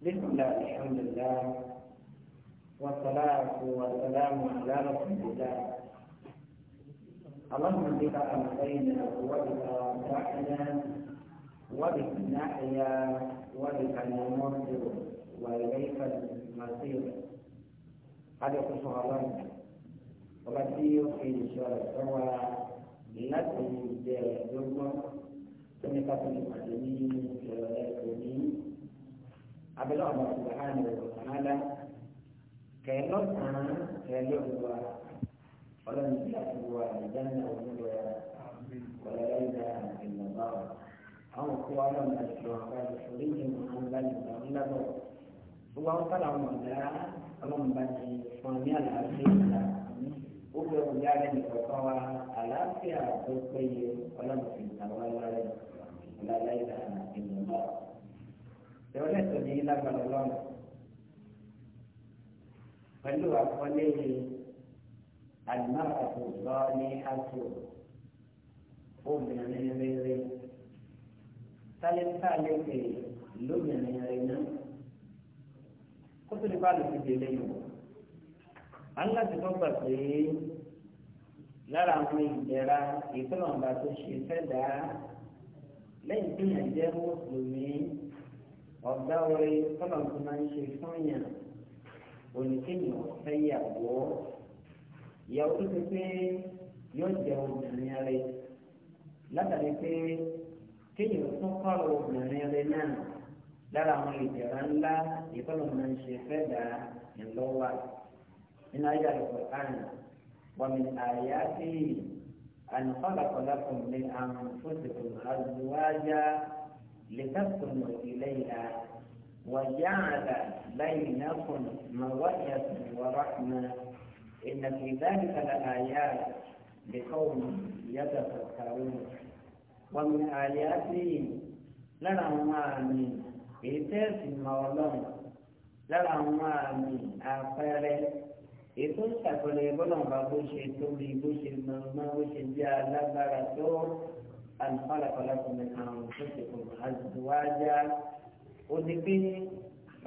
بسم الله الحمد لله والصلاة والسلام على رسول الله اللهم بك أمرين وبك أمسحنا وبك نحيا وبك نموت وإليك المصير هذا كل الله وبدي في شرطة التي جاء يوم سنة المسلمين abẹ́lọ́ọ̀bà subhanahu wa ta'ala kẹlọ́sàn-án kẹlẹ́wà ọlọ́run tí a ti wà ìdáná onílẹ̀ ọ̀lẹ́yìnbá ìlọ́bà àwọn òkú ọlọ́run àti ìlọ́bà oríṣi wọn bá ìlọ́bà ńlábọ̀ gbogbo àwọn kálá wọn dá ọlọ́run bá ti fún ní àlàáfíà ìlà gbogbo ẹ̀kọ́ yára ní ọ̀kan wa àlàáfíà tó péye ọlọ́run ti tàwọn lọ́rẹ́ ọ̀lẹ́yìnbá ìlọ́bà. ìrọ̀lẹ́ ìtọ́jú yìí lágbàdo lọ́nà pẹ̀lú àkọlé àdìmáàkàtò lọ ní àtò obìnrin rere tálẹ́tà lẹ́sẹ̀ lóbìnrin rere náà kó tó lè bá lè fi délé yìí aláti tó gbà pé lára àwọn ìjẹra ìtọ́nàmbà tó ṣe fẹ́ dáa lẹ́yìn tí yẹn jẹ́ mùsùlùmí ọ̀gá orí tọ́lọ̀ tó máa ń ṣe fún yàn oníkéyìn ọ̀fẹ́ yàwó ìyàwó tó ti pé yóò jẹ obìnrin rẹ látàrí pé kéyìn tún kọ́rọ̀ obìnrin rẹ náà lára àwọn ìjọba ńlá ìtọ́lọ̀ máa ń ṣe fẹ́ dà ńlọ́wà nínú ayé àlùkò àná wọ́n àyà sí ànfàlàkọ̀lá fún mi àwọn fún ti kò lọ́wọ́ لتسكنوا إليها وجعل بينكم مودة ورحمة إن في ذلك لآيات لقوم يتفكرون ومن آياته لهم آمين إتاس المولون لهم آمين آخره ètò ìṣàkọlẹ̀ bọ́lá ń bá bó ṣe tóbi bó ṣe an أن خلق لكم من أنفسكم أزواجا ودكين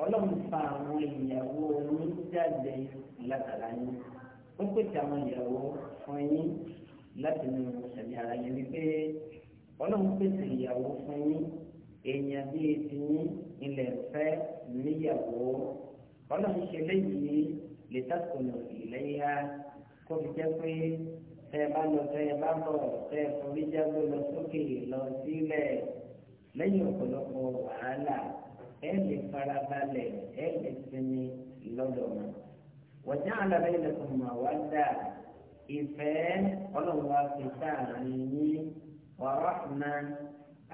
ọlọ́run fa àwọn ìyàwó oníjáde látara yín ó pèsè àwọn ìyàwó fún yín láti nu ẹ̀mí ara yín wípé ọlọ́run pèsè ìyàwó fún yín èèyàn bíi tiyín ilẹ̀ fẹ́ níyàwó ọlọ́run ṣe léyìí lè tàkùnà ìlẹ́yà kó fi jẹ́ pé tẹ ẹ bá lọ tẹ ẹ bá bọ̀ tẹ ẹ forí jágbó lọ sókè lọ sílẹ̀ lẹ́yìn ọ̀pọ̀lọpọ̀ wàhálà ẹ lè farabalẹ̀ ẹ lè sinmi lọ́dọ̀ mọ́. wọ́jà àlàyé lẹ́kùn mà wá dà ìfẹ́ ọlọ́run wá fi sáàárín yín ọ̀rọ̀ náà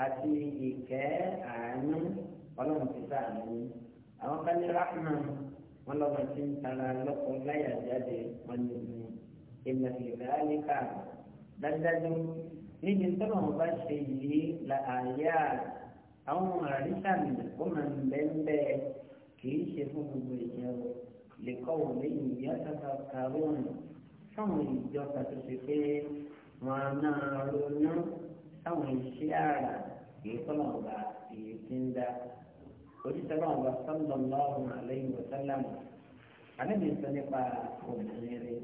àti ìkẹ́ àánú ọlọ́run fi sáàárín yín. àwọn kan ní rahman wọn lọ́wọ́ ti ń tara lọ́kọ̀ọ́ láyà jáde wọn ní ìlú ìmọ̀ ìdáálé kà dájúdájú níbi tọ́nà ọba ṣe yìí la àyà àwọn àríṣà mi kó máa ń bẹ́ẹ̀ kì í ṣe fún gbogbo ìjẹun lè kọ́ wò lẹ́yìn ìyá tata karùn-ún fáwọn ìjọ pàtàkì pé wọn náà ronú táwọn iṣẹ́ àrà kì í tọ́nà ọba èyí ti ń dá òṣìṣẹ́ náà wà sọ́ńdọ̀ lọ́rùn àlẹ́ ìwòsàn lánàá àlẹ́ mi sọ nípa obìnrin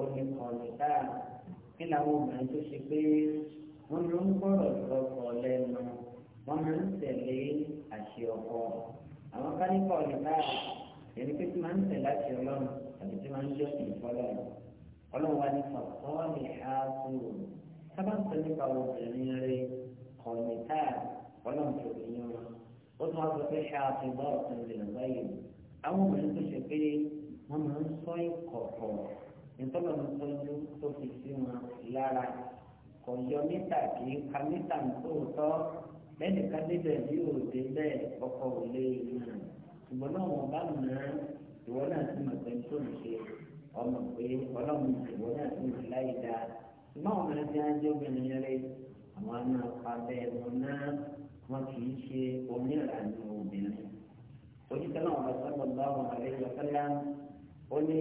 oníkànnì táà kí làwọn obìnrin tó ṣe pé wọ́n ló ń gbọ́rọ̀ lọ́kọ̀ lẹ́nu wọ́n máa ń tẹ̀lé àṣẹ ọkọ àwọn kálíkọ̀ ní táà ẹni pé tí máa ń tẹ̀lé àṣẹ ọlọ́run àti tí máa ń jọ ìfọ́lọ́ ọlọ́run wa ní fọ́ọ̀lì ààtúrò sábà ń sọ nípa obìnrin rẹ kọ̀ọ̀nì táà ọlọ́run tó fi yan ó tún wá sọ pé ṣáàtì bọ́ọ̀tún lè àwọn obìnrin tó ṣe pé wọ́n máa ń sọ ìkọ̀kọ̀ ìtọ́lọ̀ ń tọ́jú tó fi sí wọn lára kò yọ níta kì í ka níta nítòótọ́ lẹ́nu ká débẹ̀ bí òde bẹ́ẹ̀ ọkọ̀ ò lé ìlànà ṣùgbọ́n náà wọn bá mọ̀ náà ìwọ náà ti mọ̀ pé tó ń ṣe ọmọ pé ọlọ́run ìwọ náà ti mọ̀ láyé dáa ṣùgbọ́n àwọn ọmọdé ajé obìnrin rẹ àwọn náà pa bẹ́ẹ̀ náà wọn kì í ṣe onírànú obìnrin. òjì tẹ́lẹ̀ wọn bá sábà bá wọn àlejò fẹ́lá ó ní.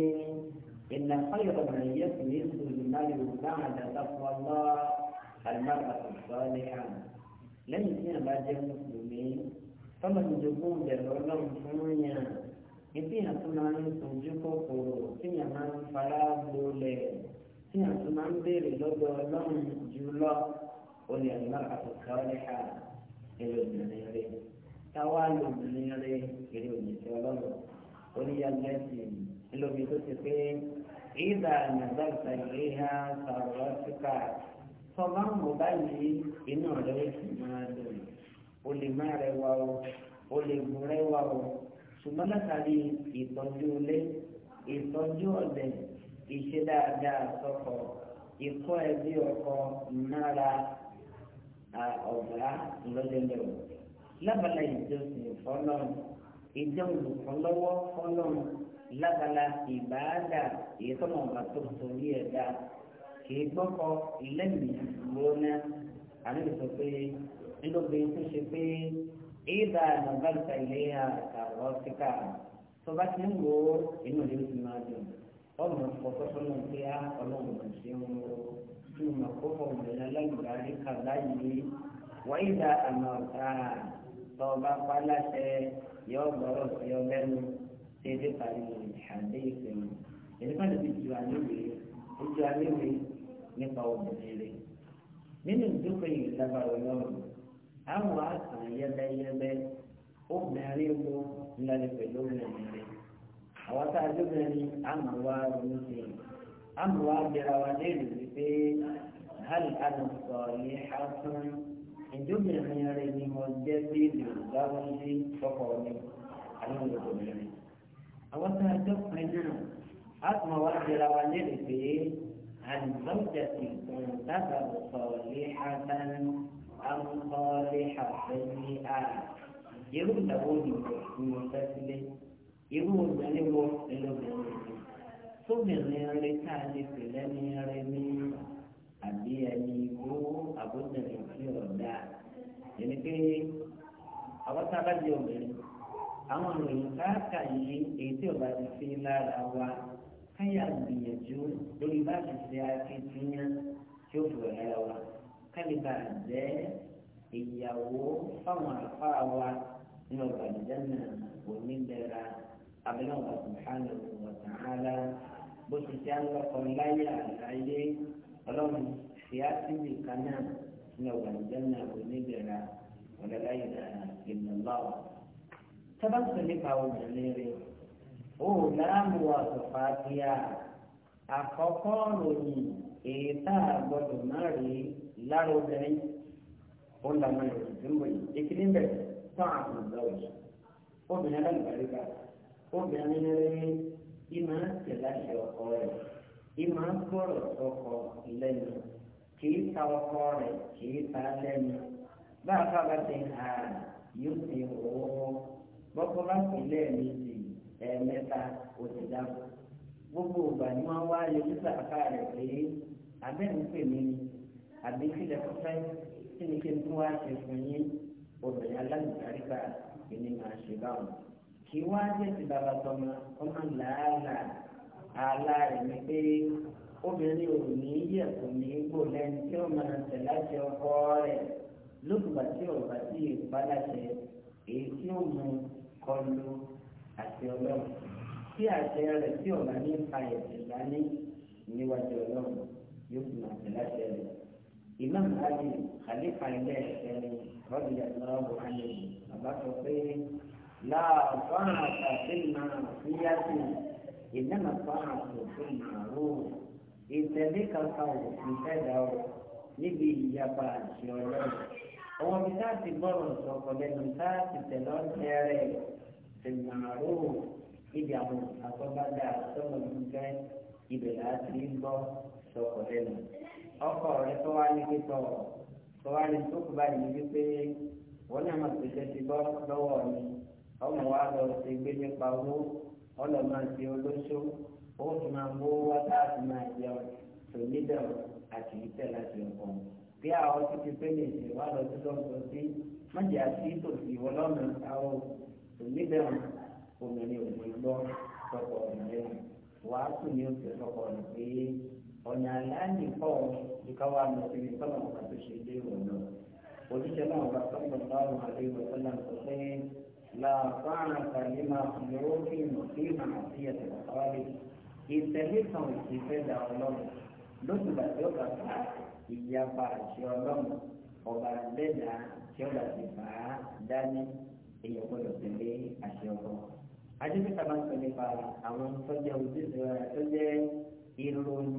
إن خير من يسمي المال بعد تقوى الله المرأة الصالحة لن يبقى المسلمين فمن جبون للعلوم فمانيا ìfihàn tó máa ń sojú kòkòrò tíyàn máa ń fara gbolẹ̀ tíyàn tó máa ń béèrè lọ́dọ̀ ọlọ́run jùlọ olè àlùmọ́ àtọ̀kọ́ ọ̀lẹ́ka èrè òmìnira rẹ̀ táwa lè òmìnira rẹ̀ èrè òmìnira ọlọ́run oníyàgbẹ́sì ńlọbi tó ti pé ìdá nàzàtà ìléha sàrọ̀tìkà tọ́ba ń wò báyìí inú rẹ̀ ó sì máa dùn ó lè má rẹwà o ó lè gùn rẹwà o ṣùgbọ́n látàrí ìtọ́jú ilé ìtọ́jú ọ̀dẹ̀ ìṣe dáadáa sọ́kọ̀ ìkọ́ ẹbí ọkọ nára ọ̀gá ńlọ́dẹ̀lẹ̀ o lábàlá ìjọsìn fọlọ́n ìjọ olùkọ́ lọ́wọ́ fọlọ́n lábala ìbáàdà èyí tó wọn bá tó torí ẹ̀ dá kìí gbọ́kọ lẹ́mìí gbóná àmì sọ pé nínú bí tó ṣe pé ìdá nàbàlùkà ilé àkàrọ̀ síkà tó bá ti ń wo inú ìlú ti máa dùn ọmọ ọkọ sọnà pé á ọlọ́run kò ṣe ń wo kí n máa kó fọwọ́ ìlú alágbèbárí kà láyé wọ́n ìdá àmọ̀ ọ̀tá tó bá pa láṣẹ yọ ọgbọ́rọ̀ sí ọ lẹ́nu sai zai faru da hadai sai mu yanzu kan da bi ju aléwé ó ju aléwé nípa obìnrin rẹ̀ nínú ìdókòó yìí lábàrò lọ́rùn àwọn àtàn yẹ́bẹ́yẹ́bẹ́ obìnrin wo ńlọrọ pẹ̀lú obìnrin rẹ̀ àwọn tá a lóbìnrin àmọ́ wa ronú sí i àmọ́ wa bẹ̀rẹ̀ wa léèrè wípé hali àná sọ yìí há fún ìdóbìnrin rẹ̀ ni mo jẹ́ bí Yorùbá wọn sí fọkọ mi àwọn olùkọ́ mi àwọn tá a jọ pin náà a tún máa wá jẹra wa lérè pé àlùbọ́jà ti kùn dábàá sọ̀rọ̀ hàtàn àǹkọ́lé àfẹ́yé à irú ìdàwó nìkan ni mo fẹ́ sílé irú obìnrin wo ẹlòmíràn sóbìnrin rẹ tá a lè pè lẹ́ni rẹ ní àbí ẹni ìwó àbójútó ìfẹ́ ọ̀dà ẹni pé àwọn tá jẹ obìnrin àwọn ìròyìn káàkà yìí èyí tí ọba ti fi lára wa káyà gbìyànjú lórí bá ti ṣe akitiyan tí ó fò lára wa kálíbà jẹ́ ìyàwó fáwọn àfáà wa nínú ọgbà ìjẹ́nà onídẹ̀ra abẹ́lẹ́wọ̀n subhanahu wa ta'ala bó ti ṣe àlọ́kọ̀ láyé àláyé ọlọ́run fi á síbi kan náà nínú ọgbà ìjẹ́nà onídẹ̀ra ọ̀lẹ́láyé ìlànà ìlànà sábà ń sọ nípa obìnrin rẹ̀ ó láàmú àtọ̀fà bí a àkọ́kọ́ ròyìn èyí tá a gbọ́dọ̀ má rí lára obìnrin ó ń lànà ìròyìn tó ń wòye ìkíní bẹ̀rẹ̀ tán àwọn ìlọ́wọ̀ yìí obìnrin alágbàríkà obìnrin rẹ̀ ìmọ̀ tẹ̀láṣẹ ọkọ rẹ̀ ìmọ̀ gbọ́rọ̀ sọkọ lẹ́nu kìí ta ọkọ rẹ̀ kìí ta lẹ́nu bá a fà bá ti hà yóò ti wọ́ bọ́kọ́ bá kù lẹ́ẹ̀mejì ẹ̀ẹ̀mẹ́ta ó ti dáhùn gbogbo ìgbà ni wọ́n wá lè ní sàkà rẹ̀ pé abẹ́rù pè mí ni àbí kílẹ̀ fúnfẹ́ kí ni kí n tún wá ṣe fún yín obìnrin alágbèkáríkà ìní máa ṣe báwọn kì í wá jẹ́ bàbá tọmọ ọmọ làálà àlá rẹ̀ ni pé obìnrin ò ní yẹ̀ kò ní gbò lẹ́nu tí ó máa tẹ̀ láti ọkọ rẹ̀ lókùnbà tí ò bá sí ìpalàṣẹ èyí tí ó mú kọlu àti ọlọ́run tí àṣẹ rẹ̀ tí ọ̀gá ní pa ẹ̀sìn dání níwájú ọlọ́run yóò fi máa tẹ̀lé àṣẹ rẹ̀. imam ali khalifa ilé ẹ̀sẹ̀ni rọ́bì ẹ̀sọ́rọ́bù ali bàbá sọ pé láàfáà àtàfíìmà fíyàtì ìnáma fáà tòfin màrú ìtẹ̀lé kankan òfin fẹ́ dà ó níbi ìyapa àṣẹ ọlọ́run àwọn ibi tá a ti gbọ́rọ̀ sọ̀kọ̀ lẹ́nu tá a ti tẹ̀lọ́ tẹ́rẹ̀ tẹ̀gbọ̀nàró ibi àwọn àtọ́gbádá sọ̀rọ̀ nígbẹ́ ibẹ̀ láti gbọ́ sọ̀kọ̀ lẹ́nu. ọkọ rẹ tó wá ní pípọ̀ tó wá ní tó kú báyìí wípé wọ́n náà máa pèsè ti gbọ́ lọ́wọ́ mi ọmọ wa lọ ti gbé nípa owó ọlọ́mọ àti olóṣó ó ti máa mú wá tá a ti máa jẹun tòlídọ̀ àti ìtẹ̀ láti ọkọ̀ mi bí àwọn tó ti pélé ìṣe wà lọ sí lọ́sọ̀ sí májè àti tòsí ọlọ́run àwọn oníbẹ̀rù obìnrin òní gbọ́ sọ́kọ̀ ọ̀nàrẹ́ wàá kù ní oṣù sọ́kọ̀ ọ̀nà pé ọ̀nà aláàánì pọ̀ ìkáwá lọ sí ní sọ́nà ọ̀gá tó ṣe dé ìwọ̀n náà òjíṣẹ́ náà bá sọ́nà ọ̀gá àti ìwọ̀sọ́nà sọ pé làbára tàbí máa ìyapa àṣẹ ọlọ́run ọba lẹ́dàá tí ó là ti fà á dání èèyàn gbọ́dọ̀ tẹ̀lé àṣẹ ọlọ́run. adébíkà máa ń sọ nípa àwọn tọ́jà ojúṣe rẹ̀ tó jẹ́ ìròyìn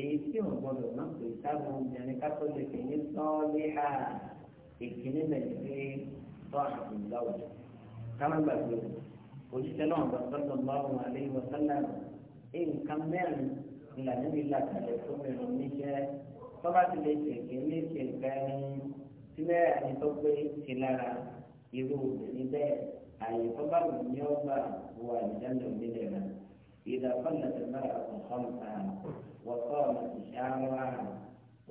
èyí tí ò gbọ́dọ̀ má pè sáwọn obìnrin kátólíkì ní sọ́ọ́lì hà ìkíní mẹ́rin pé sọ́ọ̀nù ìlọ́wọ̀ káwọn gbàgbé òṣìṣẹ́ náà bá sọ́dọ̀ báwọn àlẹ́ ìwọ̀sán nǹkan mẹ́rin ìlànà ìlàkàlẹ̀ fún ìròyìn iṣẹ́ tọ́ba ti lè ṣèké lè ṣe nǹkan ẹni sílẹ̀ ẹni tó pé ti lára irú obìnrin bẹ́ẹ̀ àyè tọ́ba lò ní ọgbà wọ àdìjáde òmìnira rẹ̀ ìdá kọ́nà tó bá ọkọ̀ kọ́ńtà wọ́pọ̀ ọ̀nà ìṣàwá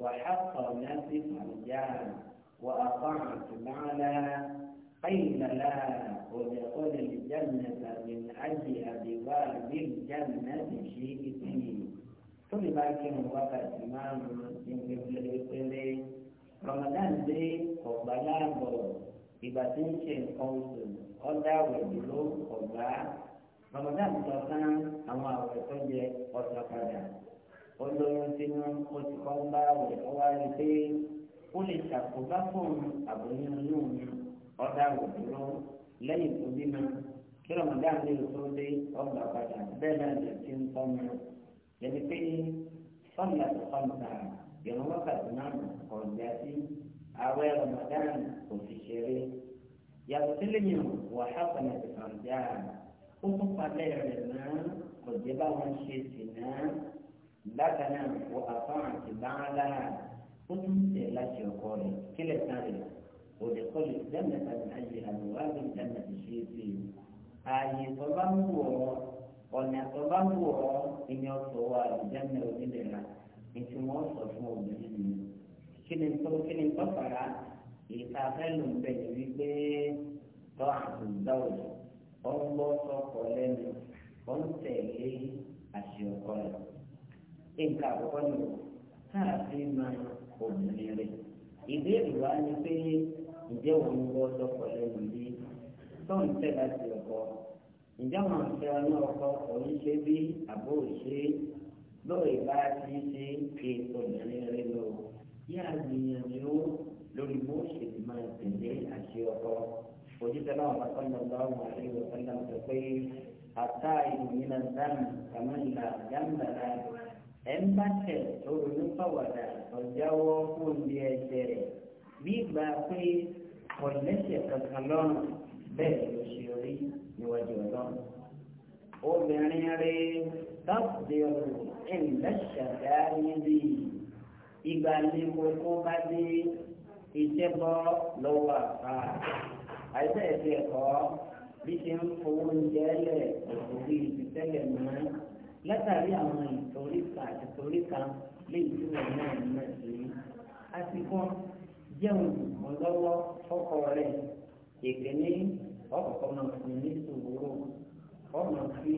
وحقا نفس الرجال وأطعت معنى قيل لا ادخل الجنة من أجل أبواب الجنة شئت tó lè bá kí wọn wákàtí márùn-ún ní pẹ̀lẹ́pẹ̀lẹ́ Ramadan dé ọgbà láàbọ ìgbà tí ń ṣe nǹkan oṣù ọdá àwẹ̀ dúró Ramadan tó tán àwọn àwẹ̀ tó jẹ ọ̀sán padà olóyún sínú oṣù kan bá àwẹ̀ tó wá rí pé ó lè ṣàkóbá fún àbòyún inú mi ọdá àwẹ̀ lẹ́yìn tó bímọ kí Ramadan lè tó dé ọgbà padà bẹ́ẹ̀ náà lè ti ń tọ́ mi yẹn ni pé sọ́nà tó kọ́ńtà ìrún wákàtí náà kọjá sí àwẹ̀ Ramadan kò fi ṣeré yàtọ̀ sílẹ̀ yìí wà hápẹ̀lẹ̀ tó kọjá ó tún palẹ̀ rẹ̀ náà kò jẹ́ bá wọn ṣe sí náà bákan náà wọ àfọ̀n àti báńlá ó tún tẹ̀ láti ọkọ rẹ̀ kílẹ̀ tán rẹ̀ òdìkọ́lù jẹ́mẹ̀ta ní ayé àlùwádìí jẹ́mẹ̀ta ṣe é sí i ààyè tó bá ń wọ̀ ọ́. ọ̀nà tó bá wù ọ́ ẹni ọ̀sọ̀ wa ìjẹ́nà onílera ètò wọn sọ fún obìnrin mi kí ni tó kí ni tó fara ìta fẹ́ ló ń bẹ̀ wípé tó àtúndà ò ọ ń lẹ́nu ó ń tẹ̀lé rẹ̀ nǹkan àkọ́kọ́ ni fi máa obìnrin rẹ̀ ìbéèrè wa ni pé ǹjẹ́ òun lẹ́nu bí tó ń tẹ̀lé ǹjẹ́ àwọn ọ̀sẹ̀ ọ̀nà ọkọ òun ṣe bí àbó òṣè lóòrè bá ti ṣe ké obìnrin rẹ lọ yá gbìyànjú lórí bó ṣe ti máa tẹ̀lé àṣẹ ọkọ òjíṣẹ́ náà bá sọ́nà lọ́wọ́ àti ìwọ̀sánná sọ pé àtà ìròyìn àdáàmù kàmáìlà yàmùdàrà ẹ̀ ń tó ronú pàwàdà ọ̀jáwọ́ fún ilé ẹsẹ̀ rẹ̀ bí ìgbà pé kọ̀lẹ́sẹ̀ kankan lọ́rùn bẹ́ẹ̀ ló ṣe rí níwájú ọlọ́run obìnrin rí tọ́pùdìrù ìlẹ́sàdáyébí ìgbà ní kókó bá dé ìjẹ́bọ́ lọ́wọ́ àpá àìsàn ẹ̀sìn ẹ̀kọ́ bí ṣe ń fowó oúnjẹ lẹ̀ òkòrí ìtìtẹ́lẹ̀ mọ́ látàrí àwọn ìtòríkà ìtòríkà léyìí tí wọn náà ń mọ̀ sí àsìkò jẹun ọlọ́wọ́ fọ́kọ rẹ̀ ìkíní ọkọ̀ọ̀kọ̀ máa fi ní sòwòrò ọmọ fi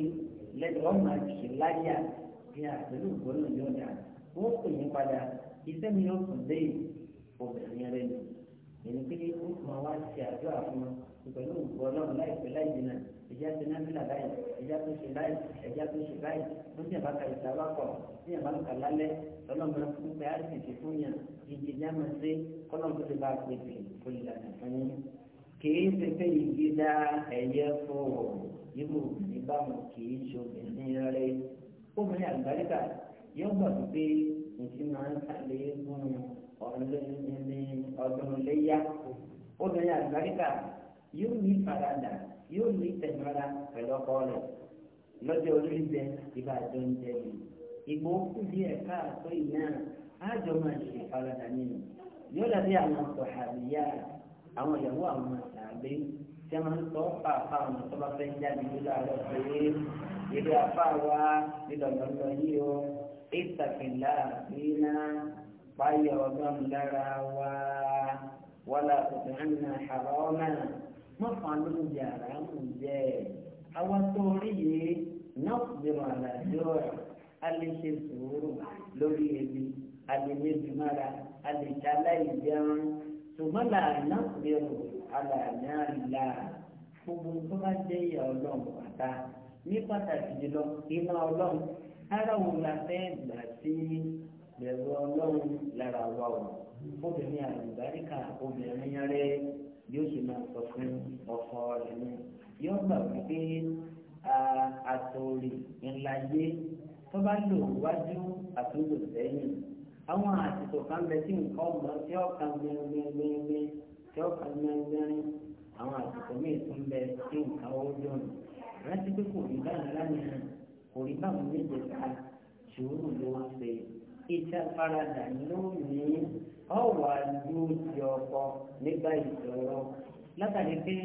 lẹ́yìn ọmọ fi láyà bí àpẹẹrẹ ògbónà yóò dà wọ́n pè yín padà iṣẹ́ mi yóò sùn dé obìnrin rẹ̀ nù èyí pé ó máa wá ṣe àdúrà fún un pẹ̀lú ògbónà láìpẹ́ láì jìnnà ìjà tó náà nílà báyìí ìjà tó ṣe báyìí ìjà tó ṣe báyìí wọ́n ti àbáka ìta wá pọ̀ ní àbáka lálẹ́ ọlọ́mọdé fún pé àìsàn kìí ṣe pé igi dá ẹyẹ fún ọ irú obìnrin báwọn kìí ṣe obìnrin rẹ obìnrin àgbàríkà yóò gbà pé nǹkan máa ń sàlẹ̀ fún ọdún léyà obìnrin àgbàríkà yóò ní ìfaradà yóò ní ìtẹ̀mọ́ra pẹ̀lú ọkọ rẹ̀ lọ́jọ́ orí bẹ ìbá àjọ ń jẹ̀bi ìgbó kú díẹ̀ káàkó ìyá àjọ máa ṣe ìfaradà nínú yóò dàbí àwọn sọ̀hàbíyá rẹ̀ àwọn ìyàwó àwọn àgbẹ tí a máa ń sọ pàápàá àwọn tó bá fẹ́ jáde nílò àlọ́ pé ìlú afá wa nílò lọ́lọ́ yìí o ìtàkìlá àbínà páyọ̀ ọdún lára wa wàlà òtún àrọ́ náà wọ́n fà á lóun jẹ àrà ń jẹ àwọn tó rí yìí náà gbèrò àlàjọ a lè ṣe sùúrù lórí ebi a lè méjì mára a lè ṣe aláìjẹun ṣùgbọ́n làánà bẹ̀rù àlàáná ìlà gbogbo tó bá jẹ́ ìyá ọlọ́run pátá ní pàtàkì jùlọ iná ọlọ́run ara wo la fẹ́ gbà sí bẹ̀rù ọlọ́run lára wa o obìnrin àlùbáríkà obìnrin rẹ yóò ṣe máa sọ fún ọkọ rẹ ní yóò gbà wípé àtòrè ńlá yé tó bá lò wájú àtúntò sẹ́yìn. àwọn àsìkò kan bẹ tí nǹkan ọmọ tí ó kan gbẹngbẹngbẹngbẹ tí ó kan gbẹngbẹrin àwọn àsìkò míì tún bẹ tí nǹkan ó yọnu rántí pé kò rí báyìí lánàá kò rí báwọn méje ká sùúrù ló ń ṣe faradà lónìí ọkọ nígbà ìṣòro látàrí pé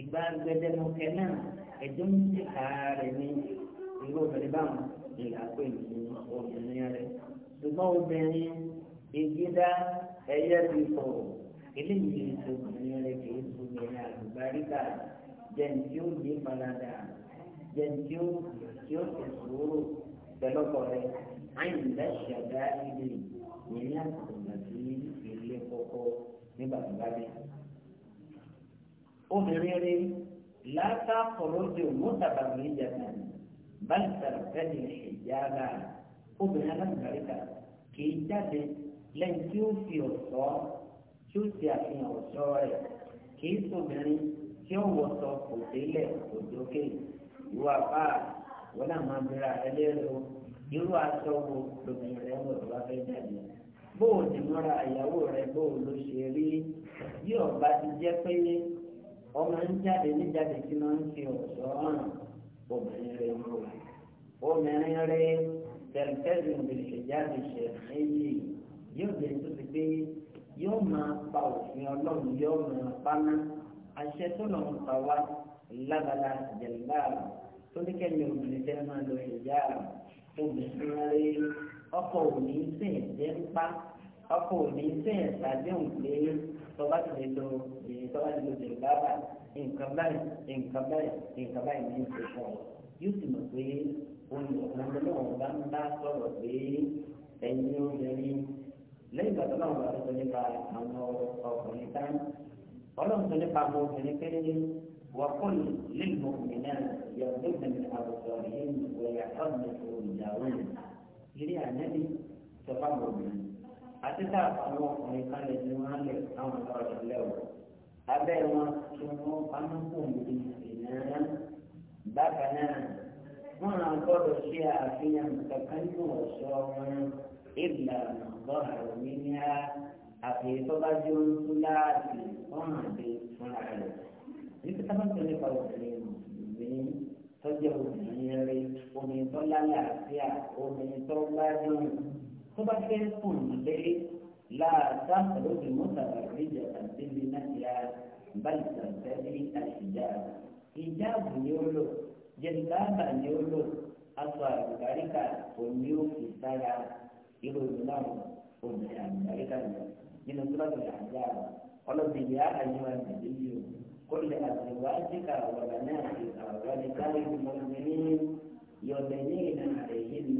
ìgbà gbẹdẹmọkẹ náà ń ní irú báwọn ìlà ṣùgbọ́n obìnrin ìgbéda ẹ̀yẹ ti sọ̀rọ̀ eléyìí ti obìnrin rẹ̀ kì í obìnrin àlùbáríkà jẹun tí ó yé farada jẹun tí ó tí ó ti sòrò pẹ̀lọ́pọ̀ rẹ̀ àyìnlá ṣàdá ilé ìyẹn àkùnà sí ilé kọ́kọ́ nígbà tó bá dé. obìnrin rẹ̀ látàkọ̀rọ̀ jù mọ́tàbàmì ìjàdàn bá ń sàrẹ́lì ìjàdàn obìnrin alágbàríkà kì í jáde lẹ́yìn tí ó fi ọ̀ṣọ́ tí ó ti àfihàn ọ̀ṣọ́ rẹ̀ kì í sóbìnrin tí ó wọ̀ṣọ kò délẹ̀ kò dókè ìwọ apá wọn náà máa bẹ̀rẹ̀ ẹlẹ́rọ irú aṣọ wo lóbìnrin rẹ̀ wọ̀ tó bá fẹ́ jáde bóò ní múra ìyàwó rẹ̀ bóò ló ṣe rí bí ọba ti jẹ́ pé ọmọ ń jáde níjáde tí máa ń fi ọ̀ṣọ́ hàn obìnrin rẹ̀ wọ̀ obìnrin rẹ̀ tẹ̀lifẹ̀lì ìjáde ṣẹ̀fẹ̀lì yóò jẹ́ tó ti pé yóò máa pa òfin ọlọ́run yóò máa paná àṣẹ tó lọ́n pa wá lábala ìjẹ̀lá tó ní kẹ́mi obìnrin tẹ́ máa lọ ìyá obìnrin rẹ̀ ọkọ òní sìn jẹ́ ń pa ọkọ òní sìn tàbí òǹpé tọ́ba ti lè lo èyí tọ́ba ti lo ìjẹ̀lá bá nǹkan báyìí nǹkan báyìí nǹkan báyìí ní ìṣẹ̀fọ́ yóò sì mọ̀ pé olùkọ́ náà bá ń bá sọ̀rọ̀ pé ẹ̀yin obìnrin lẹ́yìn ìgbà tó náà wà lọ́sọ nípa àwọn ọkùnrin tán ọlọ́run sọ nípa àwọn obìnrin pé wà kún lílo òmìnira yàtọ̀ ìgbìmọ̀ àwùjọ yìí wọ̀ yàtọ̀ ìgbìmọ̀ ìyàwó ìrí ànẹ́bí sọ fáwọn obìnrin àti tá àwọn ọkùnrin kan lè ní wọn lè àwọn ọ̀rọ̀ lẹ́wọ̀ abẹ́ wọn tí wọ́n bá ń kó òmìnira bákan náà wọn à gbọ́dọ̀ ṣe àfihàn kankan nínú ọ̀ṣọ́ wọn ìgbà nàgbọ́ àrùn ní á àfi tó bá jẹ́ oṣù láàbì wọn àti fúnra rẹ̀ níbi táwọn tó nípa obìnrin mùsùlùmí tọ́jú obìnrin rẹ̀ omi tó lálàáfíà omi tó gbádùn tó bá fẹ́ fún ilé láàtà lóde mọ́tàlá ìjà àti ìnáyà bá ìtàn tẹ́lẹ̀ àṣìjà ìjáàbù ni ó lò. jẹnìkáàkà ni ó lò aṣọ àlùbáríkà òní òkè sára irú ìlànà òní àlùbáríkà lọ nínú túbàtò ìyàgbá ọlọ́dún ìyá àyíwá nàìjíríà كل أزواجك وبناتك ونساء المؤمنين يدنين عليهن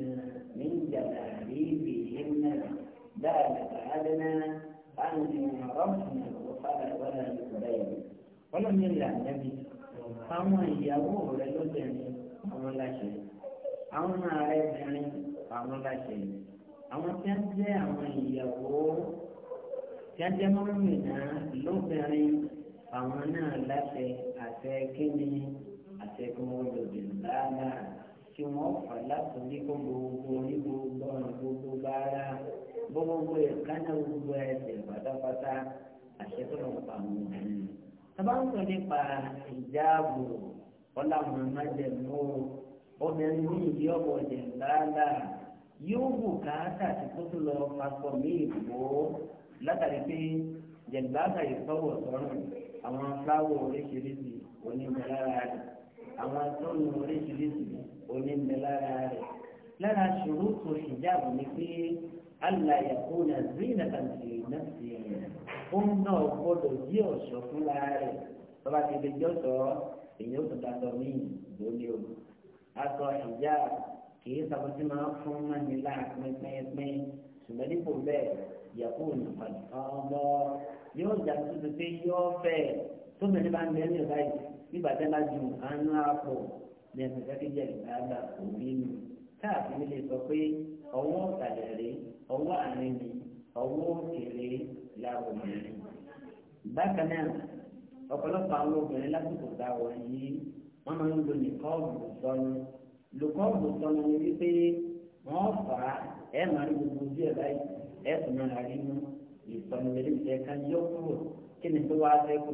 من جلابيبهن ذلك أدنى أن يعرفن ولا يبين ولم يلع النبي àwọn ìyàwó rẹ lóbìnrin àwọn láṣẹ àwọn ọmọ rẹ bìnrin àwọn láṣẹ àwọn tí wọn jẹ àwọn ìyàwó tí wọn jẹ mọ́mìnà lóbìnrin àwọn náà láṣẹ àṣẹ kíni àṣẹ kí wọn lòdìrì dáadáa kí wọn fà láti ní kó gbogbo ní gbogbo ọ̀nà gbogbo bára gbogbo ẹ̀ka náà gbogbo ẹsẹ̀ pátápátá àṣẹ tó lọ́n pa àwọn ọmọ náà tàbá ń sọ nípa ìjáàbò ọlá mọ̀ọ́mọ́dé mú obìnrin ní ìdí ọ̀bọ̀ ọ̀dẹ̀ ńláńlá yóò bù káàtà tí kò tún lọ papọ̀ ní ìbò látàrí pé jẹ̀gbáàkà ìfọwọ́ sọ́run àwọn fúláwọ̀ oríṣiríṣi onímọ̀lára rẹ̀ àwọn tọ́nu oríṣiríṣi onímọ̀lára rẹ̀ lára ṣòro tó ṣìjáàbò ni pé aláyàkó nà zínà kàǹtì náà ti rẹ̀ òun náà gbọ́dọ̀ yí ọ̀ṣọ́ fúnra rẹ̀ bàbá ti lè jọ́sọ̀ èyí ó tún ta sọ mí lórí o. aṣọ ìjà kìí sàkóso máa fún mọ́ni láàpin pínpín ṣùgbọ́n dípò bẹ́ẹ̀ yẹ̀kú nìkan ọmọ yóò jà tuntun pé yóò fẹ́ tómìnir bá ń bẹ ní ìbáyìí nígbà tẹ́ bá ju nǹkan náà àpò ní ẹ̀sìn kẹ́kẹ́jẹ́ ìgbàgbà òbí mi káàkiri lè sọ pé ọwọ́ ọ̀tàlẹ̀ rèé ọwọ́ àárín ọwọ́ òkèèrè láwọn obìnrin bákan náà ọ̀pọ̀lọpọ̀ àwọn obìnrin lásìkò táwọn yìí wọ́n máa ń lo nìkọ́ọ̀bù sọnù lùkọ́ọ̀bù sọnù ni wípé wọ́n fà á ẹ̀ máa ń gbogbo ojú ẹ̀ báyìí ẹ̀ sì máa rí inú ìsọnù lórí ìfẹ́ ká yọ kúrò kí ni tó wá fẹ́kù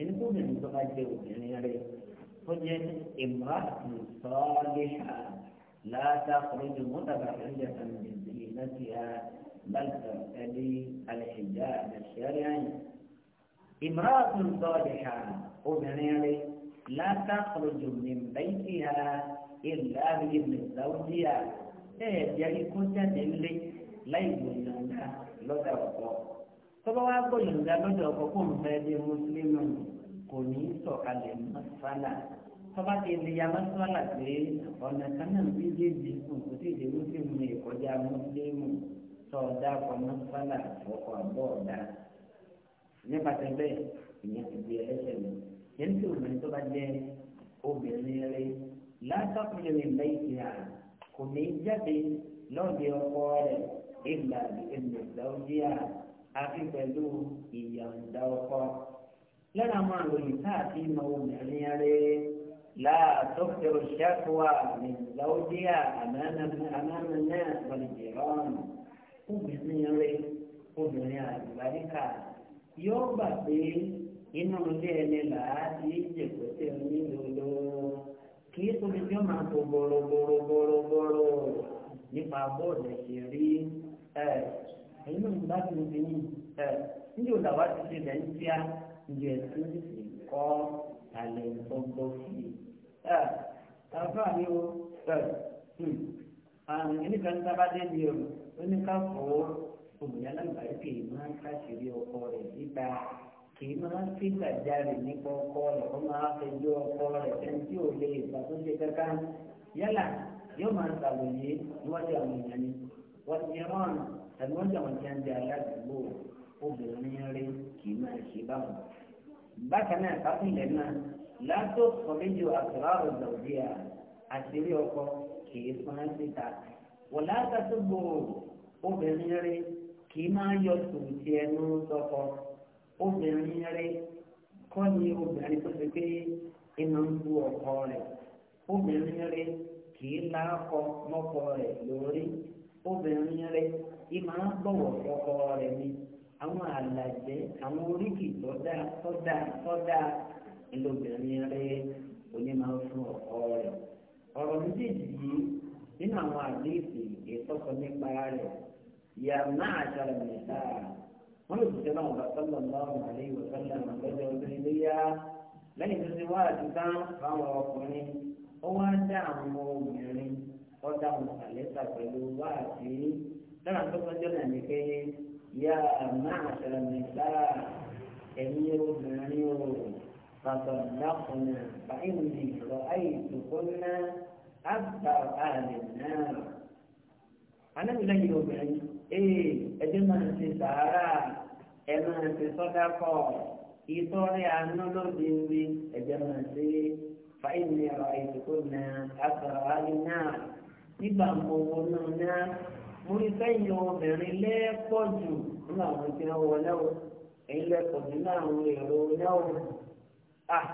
ẹni tó bẹ̀rẹ̀ tó bá jẹ obìnrin rẹ ó jẹ́ ìmúra ìsọ́ọ́lẹ́ṣà بل ترتدي الحجاج الشرعي امرأة صالحة أمنيري لا تخرج من بيتها إلا بإذن زوجها ẹ̀ẹ́dẹ́rì kó jáde ńlé láì gbòyànjá lọ́dọ̀ ọ̀pọ̀ tọ́ba wa gbòyànjá lọ́dọ̀ ọ̀pọ̀ kó ń fẹ́ di mùsùlùmí kò ní í sọ̀kalẹ̀ mọ́sálà tọ́ba ti lè ya mọ́sálà pé ọ̀nà kan náà ń bí déjì kò tí ì lè mùsùlùmí kọjá mùsùlùmí sọ̀dá pamọ́ sálà ọkọ̀ àbọ̀ ọ̀dà nípasẹ̀ bẹ́ẹ̀ ìyẹn ti di ẹlẹ́sẹ̀ mi yẹn tí obìnrin tó bá jẹ́ obìnrin rẹ látọkùnrin rẹ bẹ́ẹ̀ ti hàn kò ní í jáde lọ́ọ̀dẹ ọkọ rẹ̀ ìgbà ìgbà òjì à àfi pẹ̀lú ìyọ̀ǹda ọkọ. lọ́nà àwọn àròyìn káàkiri mọ obìnrin rẹ látọkùnrin ṣẹ́kùwà ìgbà òjì à àmàna náà wọ́n jẹ̀rọ̀ ọ̀nà. obìnrin rẹ obìnrin àgbàríkà yóò gbà pé inú ilé ẹni làá ti jẹ pẹtẹ onílòlò kì tóbi tí ó máa tó bọrọbọrọbọrọbọrọ nípa bọ́ọ̀lù ẹ̀sìn rí ẹ ẹ̀yin náà yìn ẹ òdàwà ti ṣe a ẹ ẹ dé ó ní ká kọ́ òmìnira lágbàáyé kì í máa ń káṣírí ọkọ rẹ̀ síta kì í máa ń fìgbà jáde nípa ọkọ rẹ̀ kó máa fẹjọ́ ọkọ rẹ̀ ẹni tí ò lè ìgbà tó ṣe kankan yálà yóò máa ń ṣàlòyé níwájú àwọn èèyàn ni wọ́n ti rán tàbí wọ́n jẹ́ àwọn tí wọ́n jẹ́ aládùúgbò obìnrin rẹ̀ kì í máa ṣe báwọn. bákan náà kápẹ́lẹ̀ náà látò kọ́lẹ́jọ àtúrà ọ̀dọ̀ bíi àṣírí ọkọ kì í fún ẹ́ síta wọ́n látàtú gbòòrò obìnrin rí kì í máa yọ tòǹtì ẹnu sọ́kọ obìnrin rí kọ́ ni obìnrin tó ti pé iná ń bu ọkọ rẹ̀ obìnrin rí kì í la ọkọ mọ́kọ rẹ̀ lórí obìnrin rẹ̀ kì í máa bọ̀wọ̀ fọ́kọ rẹ̀ ni àwọn àlàjẹ àwọn oríkì tọ́dá tọ́dá tọ́dá ìlú obìnrin onímọ̀ fún ọkọ rẹ̀ ọ̀rọ̀ méjèèjì yìí nínú àwọn àdéhìsì ìtọ́sọ nípa rẹ̀ yà máa ṣàlẹ̀ nìta wọ́n lè ṣiṣẹ́ náà bá sọ́lọ̀ lọ́rùn àlẹ́ ìwòsànlẹ̀ àgbẹ̀jọ ọdún iléyà lẹ́yìn tó ti wá àtúntà fáwọn ọkùnrin ó wá dá àwọn obìnrin ọ̀dà mùsàlẹ́sà pẹ̀lú wá àti lọ́nà tó kọjọ́ náà pé yà máa ṣàlẹ̀ nìta ẹ̀mí obìnrin o bàtọ̀ dákùnà báyìí nìkan àìsùkúnná. àgbà àlè náà anábìlẹ̀ yìí obìnrin ee ẹjẹ́ ebe ń ṣe sàárà ẹ máa ń ṣe sọ́dákọ̀ ìtọ́rẹ́ àánú lóde orí ẹjẹ́ máa ṣe fàìní ọ̀rọ̀ ìdìbò náà àgbà àlè náà nígbà gbogbo náà náà mo rí sẹ́yìn obìnrin lẹ́ẹ̀pọ̀ ah,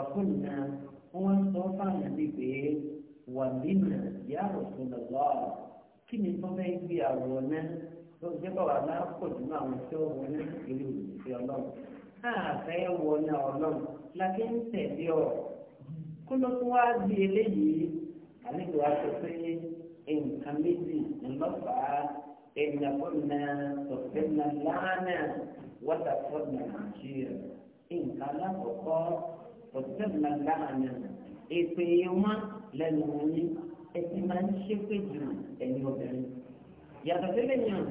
a wọ́n sọ fáànà bíi pé wà nínú yàrá òṣèlú lọ́wọ́ kí ni tó fẹ́ gbé àwọ̀ náà tó jẹ́ kọ́ wà náà pọ̀ nínú àwọn tí ó wọlé ìlú ìfẹ́ ọlọ́run àfẹ́ wọlé ọlọ́run láti ń tẹ̀lé ọ̀ kó ló tún wáá di eléyìí àlejò wa sọ pé nǹkan méjì ńlọ́fàá ènìyàn kò na sọ̀tẹ́ na lánàá wọ́tà fọ́ọ̀nà àṣírí nǹkan alákọ̀ọ́kọ́ ọ̀tẹ́bùlà láàánú èpè wọn lẹ́nu òní ẹtì máa ń ṣépè jù ẹ̀yìn obìnrin. yàtọ̀ sílẹ̀ yàn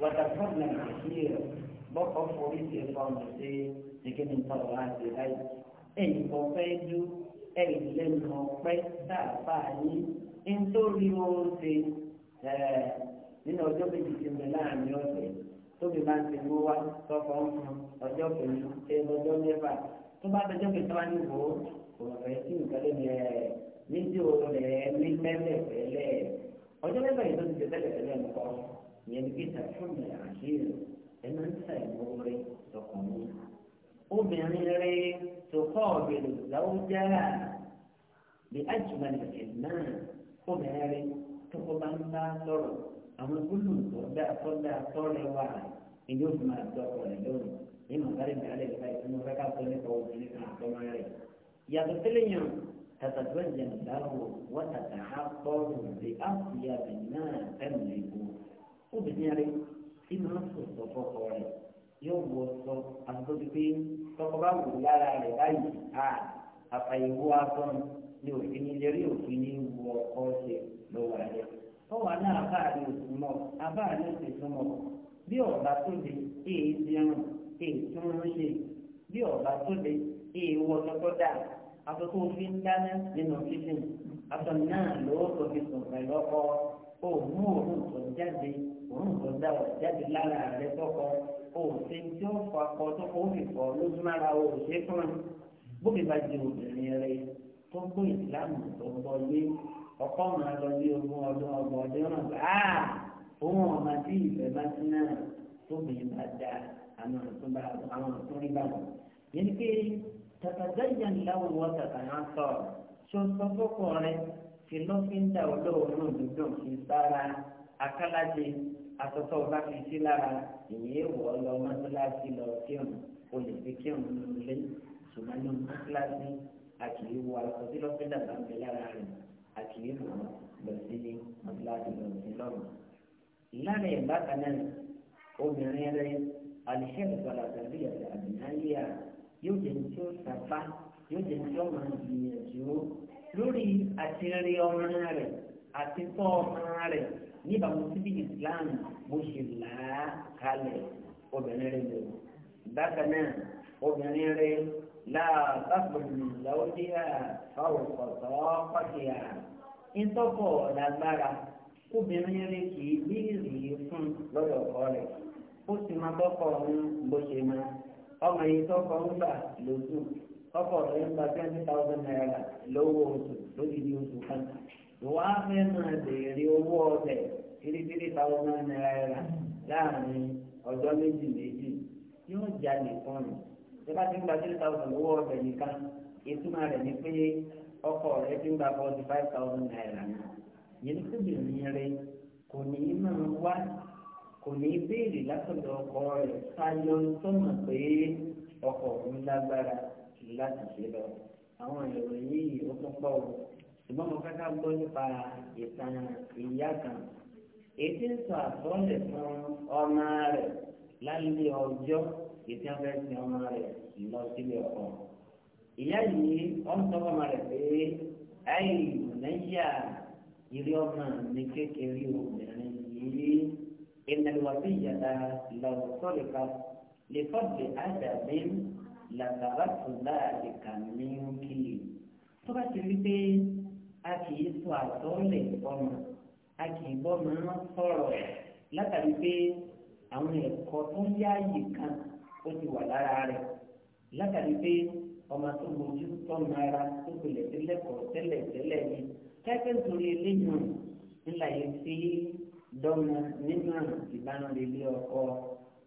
wàtàkọ́bùlà kìí rẹ̀ bọ́kọ̀ forí ṣe fọmù sí ṣìkìní tọrọ àti láì. ẹ̀yìn kan fẹ́ dú ẹ̀yìn lẹ́nu ọ̀pẹ́ sáàpà yín nítorí wọn ṣe nínú ọjọ́ méjì ti mẹ́ láàrin ọ̀sẹ̀ tóbi máa ń ti mú wá tọkọ̀ ń fún ọjọ́ kìíní tó bá tẹjọ́ pé sábà ní ìbò òun fẹ́ sí nǹkan lẹ́nu ẹ̀ níjó rẹ̀ ní mẹ́lẹ̀ tẹ́lẹ̀ ọjọ́ mẹ́fà yìí tó ti tẹ́lẹ̀ tẹ́lẹ̀ nǹkan ìyẹn ní kíta fún mi àṣírí ẹ̀ máa ń ta ìmọ̀ rẹ̀ tọkùnrin obìnrin rẹ̀ tó kọ́ ọ̀bẹ̀rẹ̀ láwùjá bí ajùmọ̀ nìkẹ́ náà obìnrin rẹ̀ tó kọ́ bá ń bá sọ̀rọ̀ àwọn gbólóhùn tó dáa tó dáa tó rẹwà ìlú òfin máa dọ́kọ̀ rẹ̀ lónìí ní màgárì mi alẹ́ ìgbà ìsinmi ọ̀rẹ́ ká pé nípa obìnrin kan àtọ́mọ rẹ̀. ìyàtọ̀ sílẹ̀ yàn tàtàtúwẹ̀ jẹun dáhùn wọ́n tàtà á pọ́ọ̀rù rẹ̀ á fi àbẹ̀ náà fẹ́mi ìbò. obìnrin rẹ̀ tí máa ń sòsò fọkọ rẹ̀ yóò wọ sọ àtúntò pé tọkọ bá wù lára rẹ̀ báyìí à àfàyèwò asán ni òfin ilé rí òfin ní wọ ọkọ ṣe lọ́wọ́ rẹ̀. ó wà náà abáàrí òsùnmọ́ abáàrí òsùnmọ́ bí ọ̀gá tóbi èé ti rìn ètò ṣe bí ọba tó le èèwọ̀ tọ́tọ́ dà aṣọ tó fi nínú kíṣìn aṣọ náà lówó tó fi sùn pẹ̀lú ọkọ òun òun tó jáde òun tó dá ọ jáde lára rẹ tọkọ òsè tí ó fọ akọ tó kó fi fọ lójúmọ́ra òsè fún un bóbi bá di obìnrin rẹ tó kó ìsìlámù tó bọ yé ọkọ máa lọ bí ogún ọdún ọgbọ̀n ọdún náà bá òun ọmọ tí ìfẹ́ bá ti náà tóbi bá dáa àwọn ọ̀nà tó rí báwọn. yẹn ni pé tàtàjájà láwọn wọ́n tàtà náà sọ ṣọ́sọ́ fọ́pọ̀ rẹ fìlọ́fíńdà olóòórùn dúdú fi sára akálàjẹ asọ́sọ́ ọba fi sí lára ìyẹn wọ̀ lọ mọ́tíláṣí lọ kírun o lè fi kírun lé ṣùgbọ́n ní mọ́tíláṣí àkìlì wọ aṣọ fìlọ́fíńdà bá ń bẹ lára rẹ àkìlì wọ̀ lọ mọ́tíláṣí lọ sí ìbátan náà obìnrin rẹ alihẹ́rù padà tàbí ẹ̀dá àbínáyà yóò jẹ́ ní tí ó sapá yóò jẹ́ ní tí ó máa gbìyànjú lórí àtìrẹ́rẹ́ ọmọ rẹ̀ àti ọmọ rẹ̀ níbàámu síbi Islam bó ṣe là á kalẹ̀ obìnrin rẹ̀ lò. bákan náà obìnrin rẹ̀ láàbàbọ̀nì lọ́wọ́díà fáwọn ọ̀tọ̀ pàṣẹyà ìtọ́kọ̀ lágbára obìnrin rẹ̀ kì í bí ìrì fún lọ́dọ̀ ọ̀rẹ́ kó sì máa bọ́kọ̀ ọ̀hún bó ṣe máa ọmọ yìí tọkọ ń gbà lóṣù tọkọ rẹ̀ ń gba twenty thousand naira lówó oṣù lódìdí oṣù kan ìwà fẹ́ máa béèrè owó ọbẹ̀ three three thousand naira láàrin ọjọ́ méjì méjì yóò jalè fún mi tí bá ti ń gba three thousand owó ọbẹ̀ nìkan ìtumọ̀ rẹ̀ ni pé ọkọ rẹ̀ ti ń gba forty five thousand naira náà yẹn kúbìrín rẹ̀ kò ní í máa wá kò ní béèrè látọ̀dọ̀ ọkọ rẹ̀ sáyọ tó mọ̀ pé ọkọ òun lágbára láti ṣe lọ. àwọn ìròyìn yìí ó tún pọ̀ o ṣùgbọ́n mo fẹ́ ká gbọ́ nípa ìtàn ìyá kan. ètí ń sọ àtọ́lẹ̀ fún ọmọ rẹ̀ lálẹ́ ọjọ́ ètí ń fẹ́ sin ọmọ rẹ̀ lọ sílé ọkọ. ìyá yìí ó ń tọ́kọ̀ ọmọ rẹ̀ pé ayé ìrònẹ́yà ìrí ọmọ mi kékeré obìnrin yìí. إن الوصية لو تركت لفضل أدب لتركت ذلك منك tó bá ti rí pé a kì í sọ àtọ́lẹ̀ ọmọ a kì í bọ́ máa sọ̀rọ̀ látàrí pé àwọn ẹ̀kọ́ tó ń yáàyè kan ó ti wà lára rẹ̀ látàrí pé ọmọ tó gbójú tọ́nu ara tó gbèlè tẹ́lẹ̀kọ́ tẹ́lẹ̀ tẹ́lẹ̀ ni kẹ́kẹ́ nítorí eléyìí ńlá yẹn ti dọ́mọ nínú ìbánilélé ọkọ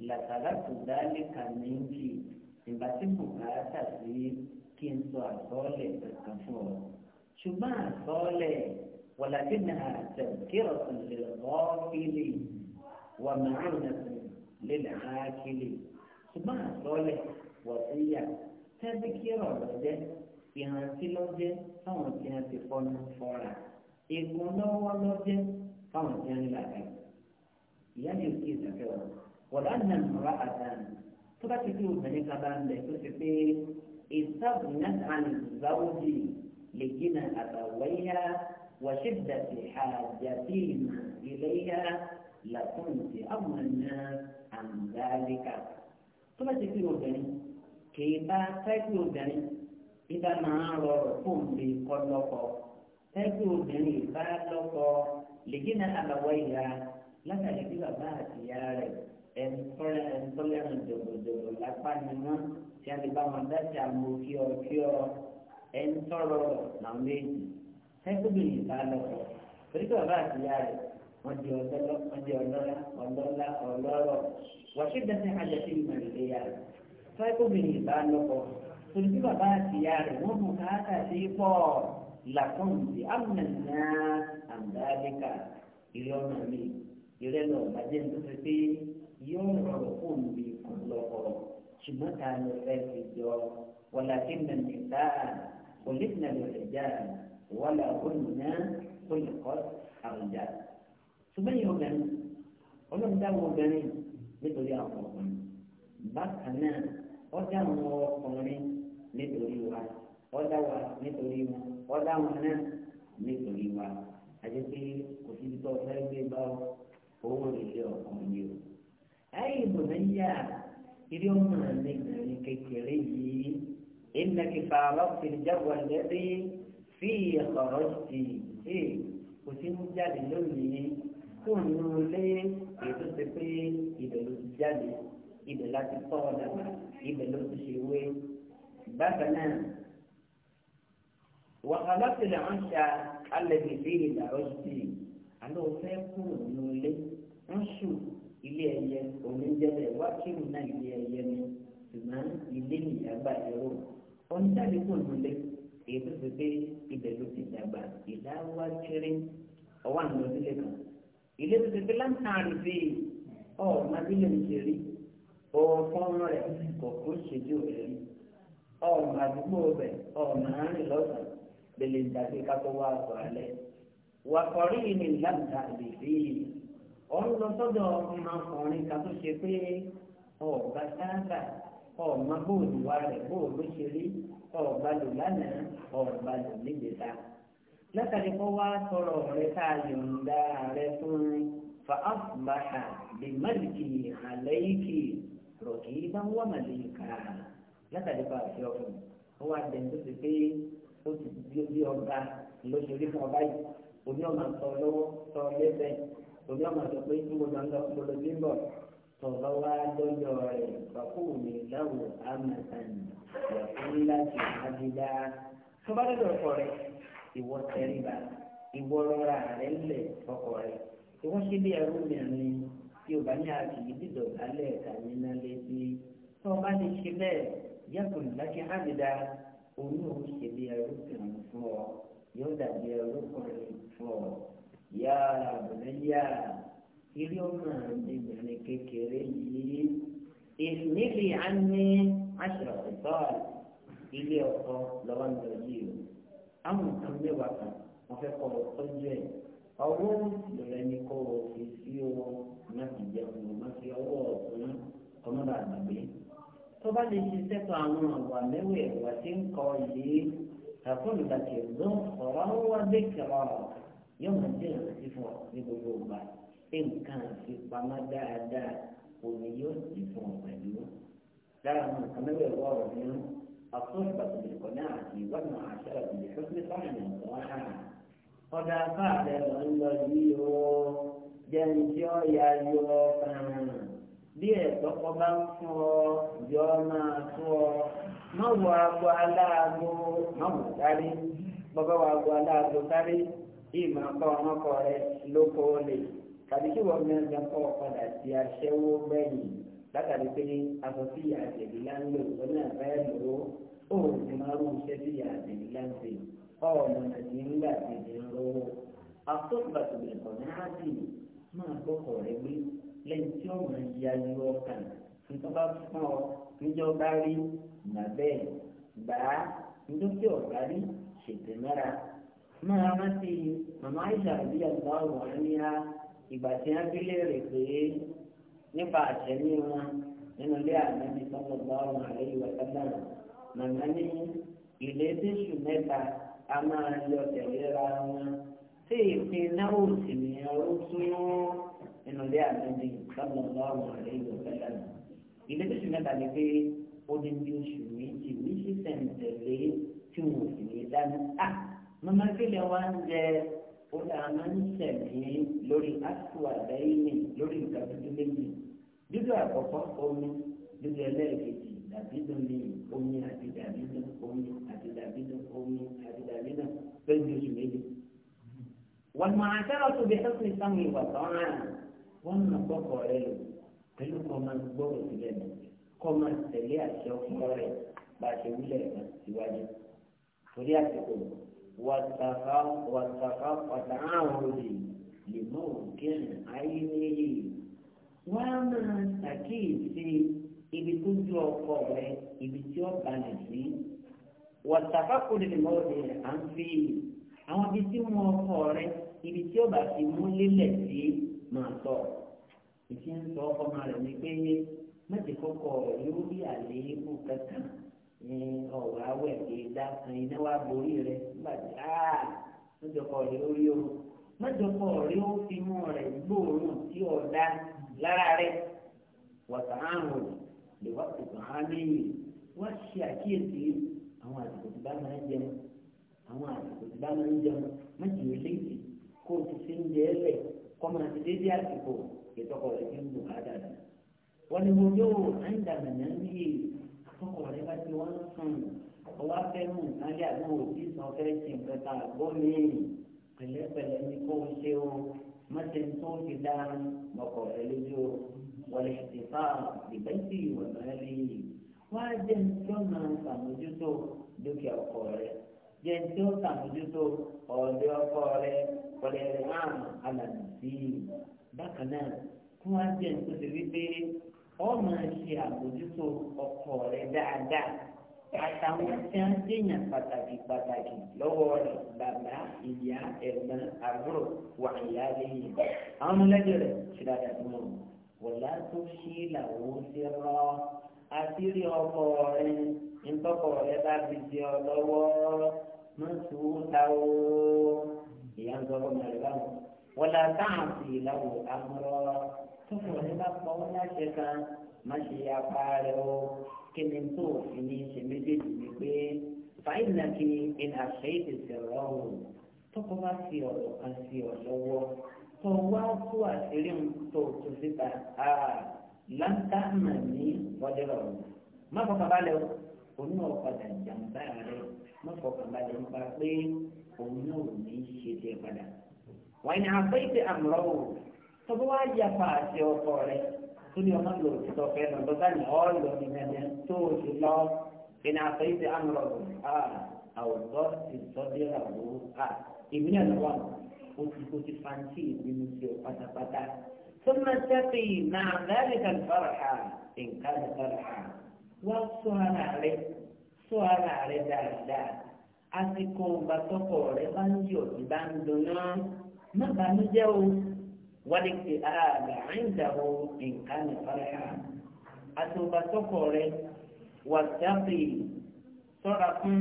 làtàlátù dálé kàmíńkì ìgbà tí bùkátà sí kí n sọ àsọ́ọ̀lẹ̀ kankan fún ọ. ṣùgbọ́n àsọ́ọ̀lẹ̀ wọ̀làdí náà tẹ̀kírọ̀ tó lè rọ́ọ̀kìlì wà màrún náà lè lè hákìlì. ṣùgbọ́n àsọ́ọ̀lẹ̀ wọ̀síyà tẹ́bíkírọ̀ lọ́jẹ́ ìrántí lọ́jẹ́ fáwọn tí wọ́n ti fọ́nú fọ́ra. ègún lọ́wọ́ lọ́jẹ́ طبعا يعني لا يعني يعني يمكن كده ولأن المرأة تبقى في من كمان لتسفي استغنت عن الزوج لجنة أبويها وشدة حاجتهما إليها لكنت أمر الناس عن ذلك تبقى في من كيف تكون من إذا ما رأى فهم بقلقه تكون من إذا لقى lèyìnà àbàwọ ìyá látàrí bí bàbá àti ìyá rẹ̀ ẹnfọlẹ ẹnfọlẹ ọ̀nà jòbòjòbò lápá ni wọn tí a ti bá wọn dájà mú kí ọ kí ọ ẹnfọlọ làwọn méjì sẹkúbìrì bá lọkọ torí bí bàbá àti ìyá rẹ̀ wọn di ọlọlọ wọn di ọlọlá ọlọlá ọlọ́rọ̀ wàṣí dẹsẹ àjẹsí ìmọlẹlẹ yá rẹ̀ sẹkúbìrì bá lọkọ torí bí bàbá àti ìyá rẹ̀ wọn mú káàkiri pọ̀ làkùn ti amúnà náà àǹdáríkà ìrẹ́ ọ̀nà mi ìrẹ́ lọ bàjẹ́ nítorí pé yóò rọrùn fún mi kàn lọ́kọ̀ ṣùgbọ́n tá a lọ fẹ́ fi jọ wàlá kí nà ní ta olùdíná lọ rẹ̀ já wàlá olùná olùkọ́ àwùjá. ṣùgbọ́n yóò bẹ̀rẹ̀ ọlọ́run dáwọ́ obìnrin nítorí àwọn ọkùnrin bákan náà ọjà àwọn ọkùnrin nítorí wa ọjà wa nítorí wọn ọ̀dà wọn náà nítorí wa àti pé kò síbi tó fẹ́ gbé bá owó ilé ọ̀kan yìí o. ayé ìbò nàìjíríà ilé ọmọ nàìjíríà ní kékeré yìí ìnàkì fàárọ̀ fìdíjáwọ̀ lẹ́rí fi ọ̀rọ̀ sí i kò sí mú jáde lónìí tó ń lé ètò ṣe pé ibẹ̀ ló ti jáde ibẹ̀ láti tọ́ ọ̀dà ibẹ̀ ló ti ṣe wé bákan náà wàhálà tẹlẹ à ń ta alẹ́bí bíi ìdàrọ́sì àlọ́ fẹ́ kúrò nínú ilé ń sù ilé ẹyẹ oníjẹlẹ wá kírun náà ilé ẹyẹ ni ṣùgbọ́n ilé nìyàgbà ẹ̀rọ ọ̀njáde kò nílé èyí tó fi pé ibẹ̀ ló ti dàgbà ìdá wá kéré ọwọ́ àwọn ọdúnlé kan ilé tó ti pé láǹtàrí bíi ọ̀ọ́mọ abílẹ̀ ń ọ̀ọ́fọ́n rẹ̀ kò ṣèjú rẹ̀ rí ọ̀ọ́mọ rẹ̀ ọ̀ọ́mọ àárín lọ́sàn-án bẹ̀lẹ̀ ìdàgbé kakọ́ wá sọ alẹ́ wà kọ́rí ni láǹdà àbèfé ọ̀n lọ sọ́dọ̀ ọmọkùnrin kan tó ṣe pé ọ̀gá sáńtà ọ̀ma bóòlù wa rẹ̀ bóòlù ṣe rí ọ̀gá lò lánàá ọ̀gá lò nígbèta látàrí kó wá sọ̀rọ̀ rẹ̀ tá a yọ̀ǹda rẹ̀ fún fa afbaha bi maliki rọ̀kì bá wà màlíkà látàrí kó a ọ̀fun ó wá dẹ̀ tó ti pé ó ti di bí ọba ló ṣe rí fún ọba yìí òní ọmọ sọ lọ́wọ́ sọ lẹ́sẹ̀ òní ọmọ sọ pé kí mo máa ń lọ sí ń bọ̀ sọ̀rọ̀ wá lọ́yọ̀ rẹ̀ bàkú mi láwọ̀ amazan yàtọ̀ láti àdìdá tó bá lọ́dọ̀ ọkọ rẹ̀ ìwọ tẹríba ìwọ rọra rẹ̀ lẹ̀ ọkọ rẹ̀ ìwọ ṣe bí ẹrú mìíràn tí o bá ní àti ìdìdọ̀ lálẹ́ ẹ̀ka nínú tó o bá lè ṣe bẹ́ẹ̀ yàtọ̀ láti àdìdá òun yóò ṣe bí ẹrúkùnrin fún ọ yóò dàbí ẹrúkùnrin fún ọ yá àbẹ̀lẹ́yà ilé ọmọ ìbìnrin kékeré yìí ìníbi á ní aṣọ ìtọ́ọ̀lù ilé ọkọ lọ́wọ́ ní ọjọ́ yìí o àwọn nǹkan mẹ́wàá kan wọ́n fẹ́ kọ́ ọtọ́jú ẹ̀ ọwọ́ lọ́rẹ́ ní kó o fi sí o má fi jẹun má fi ọwọ́ ọ̀tún kọ́mọ́dà àgbàgbé tó bá lè ṣe sẹ́tọ̀ àwọn àwà mẹ́wẹ̀ ẹ̀wà tí ń kọ yìí àkọlù bàtì ọ̀dún ọ̀rọ̀ wá dé kẹrọ yóò máa jẹ́ ìrántí fún ọ ní gbogbo ìgbà nǹkan àfipamọ́ dáadáa òní yóò sì fún ọ pẹ̀lú lára àwọn nǹkan mẹ́wẹ̀ ẹ̀wà ọ̀rọ̀ nínú àkọlù bàtì ìkọ̀ náà àti ìwádìí àṣà ìdílé fún mi fáwọn ẹ̀kọ́ díẹ̀ tọ́kọ bá ń fún ọ yọ máa fún ọ má wọ aago aláàgó má wọ sáré bọ́bá wọ aago aláàgó sáré ìmọ̀ ọkọ ọmọkọ rẹ lóko lè tàbí kí wọ́n mẹ́rin gan kọ́ padà sí aṣẹ́wó gbẹ̀yìn látàrí pé aṣọ sí àjẹ̀bí láńlò lọ́nà àbáyé lòó ó sì máa rún iṣẹ́ sí àjẹ̀bí láńlò ọ̀nà àti ńlá àti lọ́wọ́ àtọ́gbàtò ìkọ̀nà lẹ́yìn tí ó mọ̀ ìyá ju ọkàn tí tó bá fún ọ níjọ́ bá rí gbà bẹ́ẹ̀ gbà á níjọ́ tí ọ̀gá rí ṣètò mẹ́ra. máa rántí màmá àìsàn àbí àgbà ọ̀rọ̀ àníyá ìgbà tí wọ́n fi léèrè pé nípa àtẹ̀mí wọn nínú ilé ànábi sọ́kọ̀ bá ọ̀rọ̀ àlẹ́ ìwà sábàrà màmá ní ilé tíṣù mẹ́ta a máa yọ tẹ̀lé ra wọn tí ìpín náà ò sì ní ọrùn tún wọn nínú ilé àtúndì sallallahu alaihi wa sallam ilé tó ṣù mẹ́ta ni pé ó ní bí oṣù méjì méjì sẹ̀ǹtẹ̀lé tí wọn ò sì ní dáná à mọ́mọ́ kílẹ̀ wá ń jẹ ó dáa máa ń ṣẹ̀mí lórí aṣọ àdáyémi lórí nǹkan dúdú méjì dúdú àkọ́kọ́ omi dúdú ẹlẹ́ẹ̀kejì dàbídùn ni omi àti dàbídùn omi àti dàbídùn omi àti dàbídùn pẹ̀lú oṣù méjì. wọ́n máa ń tẹ́lọ̀ tó bí ẹ̀sìn sáwọn ìwà tó ń rà wọ́n mọ̀ kọ́kọ́ rẹ lò pẹ̀lú kọ́ máa gbọ́rọ̀ sílẹ̀ nù kọ́ máa tẹ̀lé àṣẹ ọkọ rẹ̀ bá a ṣe wúlẹ̀ náà síwájú. torí àsìkò wàtàfà wàtàfà pàtà àwọn olè lè mọ òkèèrè ayé níyì. wọ́n á máa ṣàkíyèsí ibi tó ju ọkọ rẹ ibi tí ó balẹ̀ sí. wàtàfà kò lè mọ òde à ń fi àwọn ibi tí wọn ọkọ rẹ ibi tí ó bá fi mú lélẹ̀ sí. máa sọ ìfi ń sọ ọmọ rẹ̀ ní pé mẹ́tì kọ́kọ́ yóò rí kankan ní ọ̀rọ̀ awẹ́ ìdá kan iná wá borí rẹ̀ nígbà tí áà mẹ́jọkọ̀ rẹ̀ ó rí o fi mú rẹ̀ gbòòrùn tí ọ̀dà lára rẹ̀ wọ̀tá àrùn lè wá tètè hàn lẹ́yìn wọ́n ṣe àkíyèsí àwọn àsìkò tí bá máa ń jẹun àwọn àsìkò tí kọ́mọ ti dédé àsìkò ìtọ́kọ̀ rẹ̀ ti ń bù ká dàda. wọ́n ní mo yóò àìdàgbà náà ń yé àtọ́kọ̀ rẹ̀ bá ti wọ́n sùn ọwọ́ afẹ́mú ìtàlẹ́ àgbọn òbí sàn fẹ́ ṣe nǹkan tá a gbọ́ mí-ín pẹ̀lẹ́pẹ̀lẹ́ ní kó o ṣe o má ṣe ń tó ti dá ọkọ̀ rẹ̀ lójú o wọlé ti fa ìbẹ́sì ìwọ̀n rẹ̀ lè yí wọ́n á jẹ́ ń tọ́nà àmójútó dúkìá ọkọ̀ rẹ̀ jẹ́ tí ó sàmójútó ọ̀dẹ ọkọ rẹ ọ̀rẹ́ rẹ máa ọ rẹ dáadáa àtàwọn tí wọ́n dèèyàn pàtàkì pàtàkì lọ́wọ́ rẹ̀ bàbá ìyá ẹ̀gbọ́n àbúrò wà ìyá lẹ́yìn àwọn ọmọlẹ́jọ rẹ̀ ṣe dáadáa fún wọn wọ̀lá tó ṣí làwọn ti mọ́tòláwó ìyá ń sọ́kọ́ mẹ́rin báwọn. wọ́n la táwọn sì láwò amúrọ́ tó fún ọ̀rẹ́ bá pọ̀ wọ́n láṣẹ kan má ṣe apá rẹ̀ o kí ni tó fi ní ṣe méjèèjì ni pé fàyínà kí ni àṣẹ ìtẹ̀sẹ̀ rọrùn tó kọ́ fi ọ̀rọ̀ kan sí ọ lọ́wọ́ tó wá tó àṣírí ń tó tó síta láńtà mà ní ọjọ́ rọrùn má fọkàn balẹ̀ o onú ọ̀padà jàǹbá rẹ̀ mọ́kànbalẹ̀ nípa pé òun náà ò ní í ṣe tiẹ̀ padà. wọ́n ní àpéjì àmúrọ̀ o tọ́gbọ́n wá yà pa àti ọkọ rẹ̀ tó ní ọmọ lò títọ́ fẹ́ lọ lọ́gbà ní ọ̀ọ́lù ní ẹ̀dẹ̀ tó o ti lọ kí ní àpéjì àmúrọ̀ o a àwùjọ ti sọ́dí ìràwọ̀ a èmi náà lọ́wọ́ o ti o ti fàǹtì ìbínú sí ọ pátápátá. ثم تقي مع ذلك الفرحة إن كان فرحا وصلنا عليه sọ ara rẹ dáadáa àsìkò ìgbà tọkọ rẹ bá ń yọ ìbá ń dunná má bànújẹ́ o wálé ti ààbà àìdàwọ nǹkan nìfarahà àsìkò ìgbà tọkọ rẹ wà dápè sọ́ra fún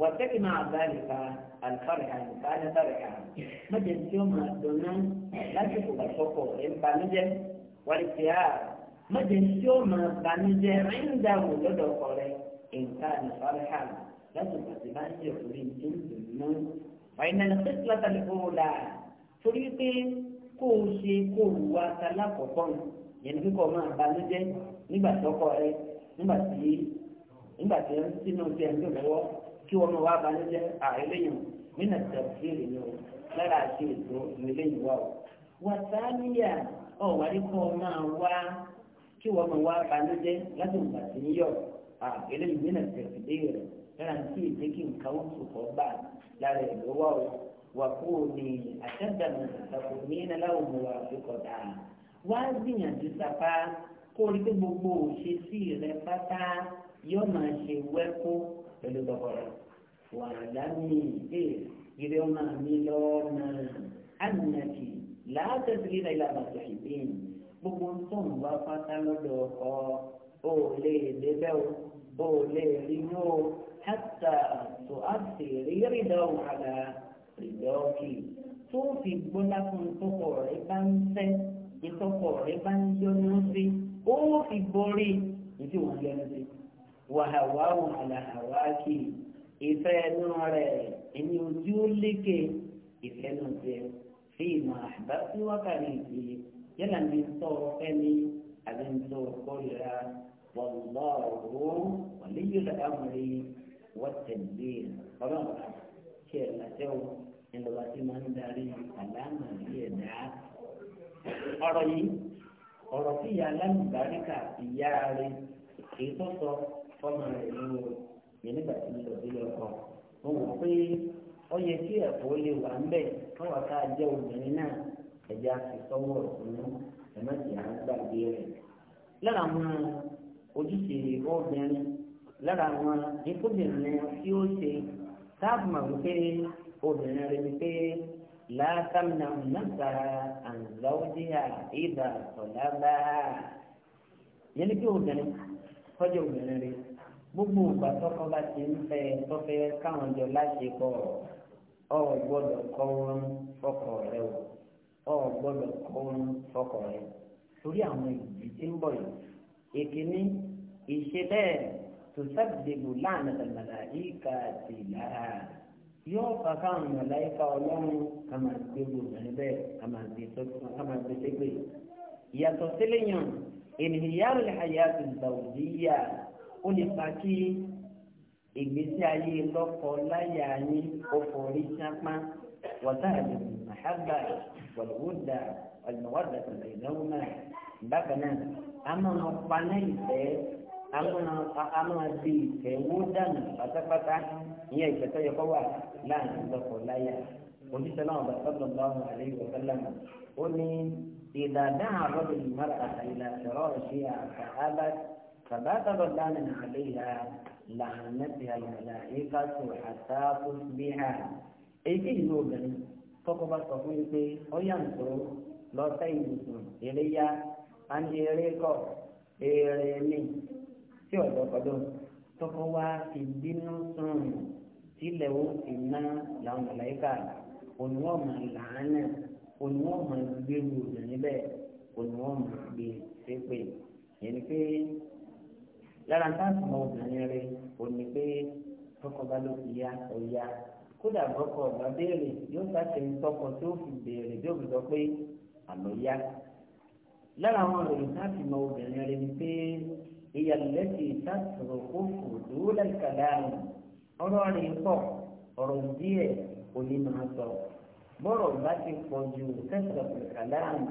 wà tẹ́kì máa bá nìka àlùfarahà nìka àlùfarahà má jẹ́ tí ó máa dunná lásìkò ìgbà rẹ ń bànújẹ́ wálé ti ààbà má jẹ́ tí ó máa bànújẹ́ àìdàwọ lọ́dọ̀ ọkọ rẹ. إنسان صالحا لازم أتمان يقولين جنس فإن الخصلة الأولى torí pé kó o ṣe kó o wá ta lákọ̀ọ́kọ́ nù yẹn ní kó o máa balùjẹ́ nígbà tí ọkọ rẹ nígbà tí nígbà tí ẹ ń sínú tí ẹ ń dùn lọ́wọ́ kí wọ́n máa wá balùjẹ́ àìlẹ́yìn nínú ìtẹ̀síìrì ni o lára àti ètò ìrìlẹ́yìn wa o. wàtáníyà ọ̀wárí kó o máa wá kí wọ́n máa wá balùjẹ́ láti ìgbà tí ń yọ̀ eléyìí nínú tẹ̀sílẹ̀ rẹ̀ lára ní kí èdè kí nǹkan oṣù kọ́ bá lára ẹ̀ lọ́wọ́ o wà kó o ní àtẹ̀dàmù ìsàkó ní aláwọ̀ mọ̀ wá àfikọ̀ dà wá gbìyànjú sapá kó o rí pé gbogbo òṣèṣì rẹ pátá yóò máa ṣe wẹ́kú pẹ̀lú gbọ̀gbọ̀rọ̀ wà lámì ẹ̀ ìrẹ́ ọmọ mi lọ́nà ànàkì láàtẹ̀sílẹ̀ rẹ̀ làbà tẹ̀sílẹ̀ gbogbo ń tọ̀ wá بوليليو حتى تؤثري رضاه على رضاك تحبنكم تقربا ìtọ́kọ̀ọ́rẹ́ ń yọnu sí ó fi borí ìdí òun yọnu sí wàhàwà òun àlàhàwà kì í ìfẹ́ ẹnu rẹ̀ ẹni ojú lékè ìfẹ́ ẹnu jẹ fi ìmọ̀ àbá sí wákàtí ìdí yálà ní sọ والله ولي الأمر والتدبير رابعا شيء لا تو إن الله تمن داري كلام يدا أرأي ọ̀rọ̀ tí ìyá alámùbáríkà ìyá rẹ̀ èyí tó sọ fọ́nà rẹ̀ ló yẹn nígbà tí mo lọ sí ọkọ̀ mo wò pé ó yẹ kí ẹ̀fọ́ lè wà ń bẹ̀ káwá ká jẹ́ obìnrin náà ẹ̀jẹ̀ àti sọ́wọ́ ọ̀tún ẹ̀mẹ́sì à ń gbàgbé rẹ̀ lára àwọn ojúṣe obìnrin lára àwọn ìkóbìnrin tí ó ṣe táàbù mà wípé obìnrin rẹ ni pé látàmìnà nàta àǹzáwọ́díà ìdà ọ̀làbà yẹn ni pé obìnrin tọ́jú obìnrin rẹ gbogbo ìgbà tọkọ bá ti ń fẹ́ tọfẹ káwọn jọ láṣepọ̀ ọ gbọ́dọ̀ kọ wọn fọkọ rẹ o ọ gbọ́dọ̀ kọ wọn fọkọ rẹ torí àwọn ìdí tí ń bọ̀ yìí ìkíní ìṣe bẹ́ẹ̀ tòṣàdìbò láàánú màláìka ti lára yóò fà káwọn màláìka ọlọ́run ká máa gbé gbòòrò níbẹ̀ ká máa gbé sẹ́gbẹ̀. ìyàtọ̀ sílẹ̀ yàn ènìyàn lè hayà tó dàwùdíyà ó lè fa kí ìgbésí ayé lọ́kọ láyà yín ó forí sápá wàtáàlì màhábà wàlúwòdà wàlúwòdà tó lè dáwọ́ náà bákan náà. a máa paná ìfẹ́ a máa di ìfẹ́ wó dànù pátápátá ìyẹn ìfẹ́ tó yẹ kó wà láàrin lọ́kọ̀ láyà òjíṣẹ́ náà bá sọ́dọ̀ bá wọn àlẹ́ ìwọ̀ fẹ́lẹ́ mọ́ ó ní ìdàdá àrọ́bì ìmọ̀ràn àtàlẹ́ àṣọrọ̀ ṣe àfàhálà فبات غضبانا عليها لعنتها الملائكة حتى تصبح èyí ló bẹ̀rẹ̀ tọkọ bá sọ fún yín pé ó yà ń tó lọ sẹ́yìn tuntun eléyà à ń eré kọ eré ní tí ọ̀dọ́kọ̀dọ́ tọkọ wa ti bínú sùn tilẹ̀ ó fi ná làwọn mọ̀láyíkà òníwọ̀n mọ̀ làánà òníwọ̀n mọ̀ gbéru níbẹ̀ òníwọ̀n mọ̀ gbé ṣépè yẹn ni pé lára ń tàbí mọ obìnrin rẹ òní pé tọkọ bá ló fi ya ọ̀ya kódà bọ́kọ̀ ọ̀gá béèrè yóò bá ṣe ń tọkọ tí fi béèrè bí òbí sọ pé àlọ́ yá lára àwọn àròyìn láti mọ obìnrin rẹ ni pé ìyàlẹ́tì ìtàkùrọ̀ òfò lóòlà ìkàdáàmù ọ̀rọ̀ rẹ̀ ń pọ̀ ọ̀rọ̀ díẹ̀ òní máa sọ bọ́rọ̀ bá ti pọ̀ ju kẹsàn-án ìkàdáàmù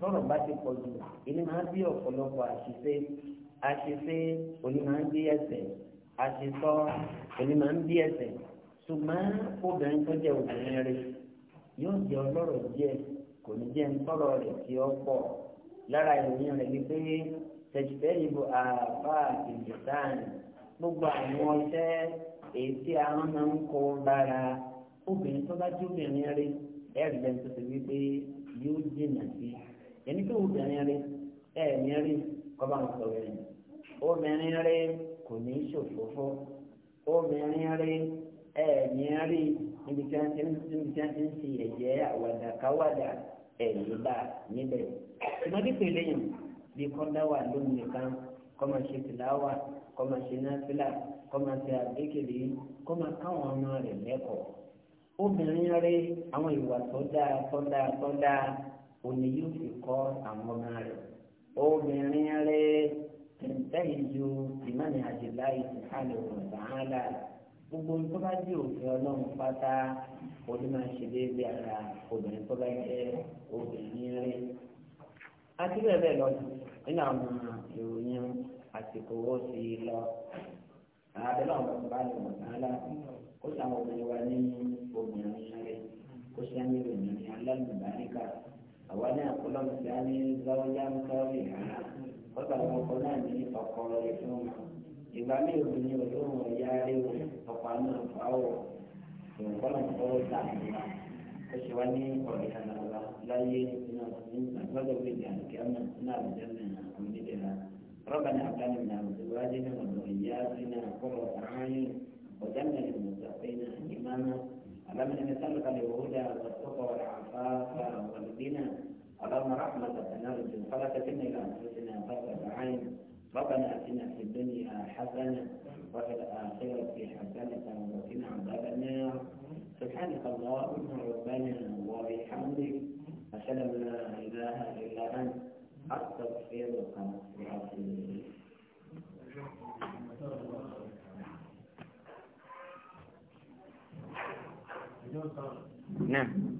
tọ́rọ̀ bá ti pọ̀ jù ìní máa bí ọ̀pọ̀lọpọ̀ àṣìṣe àṣìṣe òní máa ń bí ẹsẹ̀ àṣìṣọ òní máa bí ẹsẹ̀ ṣùgbọ́n obìnrin tó jẹ́ obìnrin rẹ̀ yóò jẹ́ ọlọ́rọ̀ díẹ̀ kò ní jẹ́ ńtọ́rọ̀ rẹ̀ tí ó pọ̀ lára ènìyàn rẹ̀ ni pé tẹ̀sítẹ́rì bo àbá ìdìsán gbogbo àwọn iṣẹ́ èyí tí àwọn máa ń kó lára obìnrin tó bá jó obìnrin rí wípé yóò dènà sí ẹni tó obìnrin rí ẹ̀ẹ̀mí rí kọ́ba ń sọ̀rọ̀ obìnrin rí kò ní í obìnrin rí rí níbi tí wọ́n ti ń ṣe ṣùgbọ́n dípò eléyìn bí kọ́dá wà lónìí nìkan kọ́ máa ṣe tìláwà kọ́ máa ṣe náfìlà kọ́ máa káwọn obìnrin rẹ àwọn ìwà tó dáa tó dáa tó dáa òní yóò fi àwọn ọmọ obìnrin rẹ tẹ̀síntẹ́yìn ju ìmọ̀nì àjẹlá ìsìnkálẹ̀ òun àti bẹ́ẹ̀ bẹ́ẹ̀ lọ nínú àwọn ìròyìn àsìkò owó sí i lọ àbẹ̀lẹ̀ àwọn ọmọ báyìí wọ̀ sáálá kó sàwọn obìnrin wa ní obìnrin rẹ̀ kó sàmì obìnrin alálùbáríkà àwa náà kó lọ́mọ sí àní lọ́wọ́yá ń sọ́ọ̀rì rárá kó sàwọn ọkọ náà ní ọkọ rẹ̀ fún wa ìgbà mi obìnrin olóhùn ọ̀yá rí o ọ̀pọ̀ àmì ọ̀fà ò ìrùkọ́ náà kó sàmì wa kó sì wá ní ọ̀rẹ́ náà. láyé lọ́jọ́ péjì àlùkìyàmà sínú àlùjẹ́mẹ̀ àwọn onídẹ̀ra ربنا أعطانا من أزواجنا وذرياتنا قرة أعين وجنة للمتقين إماما اللهم إنا نسألك الهدى والتقى والعفاف والغنى اللهم رحمة نرجو فلا تكلنا إلى أنفسنا طرفة عين ربنا آتنا في الدنيا حسنة وفي الآخرة حسنة وقنا عذاب النار سبحانك اللهم ربنا وبحمدك أشهد أن لا إله إلا أنت أستغفرك وأتوب إليك نعم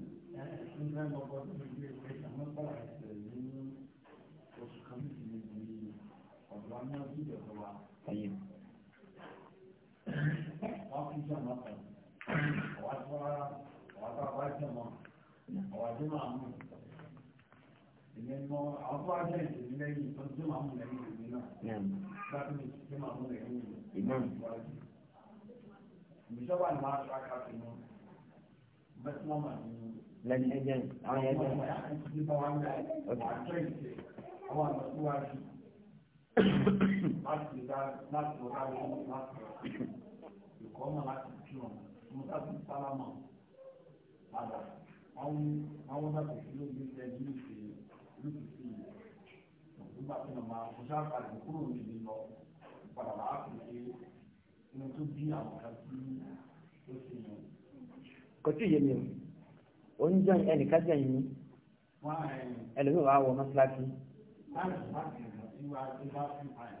طيب àwọn àti máa mú ìyẹn mọ àwọn tó wá jẹ́ ìṣèlú lẹ́yìn tó tó máa mú lẹ́yìn ìṣèlú náà láti ní tó máa mú lẹ́yìn ìṣèlú wájú. ìṣọ́bà ni wọ́n á ṣá ká sí wọn bẹ́ẹ̀ mọ́ màá ní. lẹ́yìn ẹ̀jẹ̀ àwọn ẹ̀jẹ̀ àwọn àtúnṣe láti dá láti lọ dáwọ́ láti lọ ìkọ́ mọ̀ láti kí wọn mo sá sí sálámà padà an wata tafiyar yin da jini ke rufe su ba su ma ku sha ƙarfi kuro ne ne lọ padà bá kù ṣe inú tó bí àwọn kan sí ó sì yàn. kò tí ì yé mi o ò ń jẹun ẹnìkan jẹun yìí ẹlòmíràn wà wọ mọ́ṣáláṣí. láti láti ìgbà tí wàá ti bá fi pa ẹ̀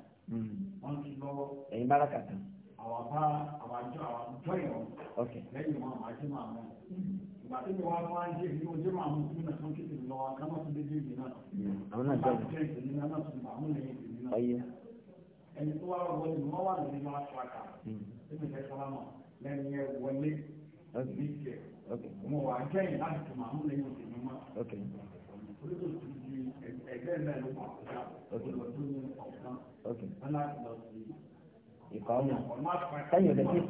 wọ́n ti lọ. ẹ̀yin bára kàtà. àwọn bá àwọn àjọ àwọn àjọ ìwọ̀n lẹ́yìn wọn àjọ màmá ìgbàtí mi wá ń jẹ́ ìlú ojú máa mú sí ìrìnà sókè ìlú lọ́wọ́ kámọ́ sí jẹ́ ìlú náà náà tún tó wá wọ́n ni lórí máa tó àkà ẹni tẹ́ sálámà lẹ́ni wọlé ní ìjẹ mo wà jẹ́yìn láti tún màmú lẹ́yìn ìlú náà orí tó ti di ẹgbẹ́ náà ló pa ọ̀gá olùdó ní ọ̀gá aláàbò lọ sí ìkọ́ ọ̀nà sẹ́yìn ò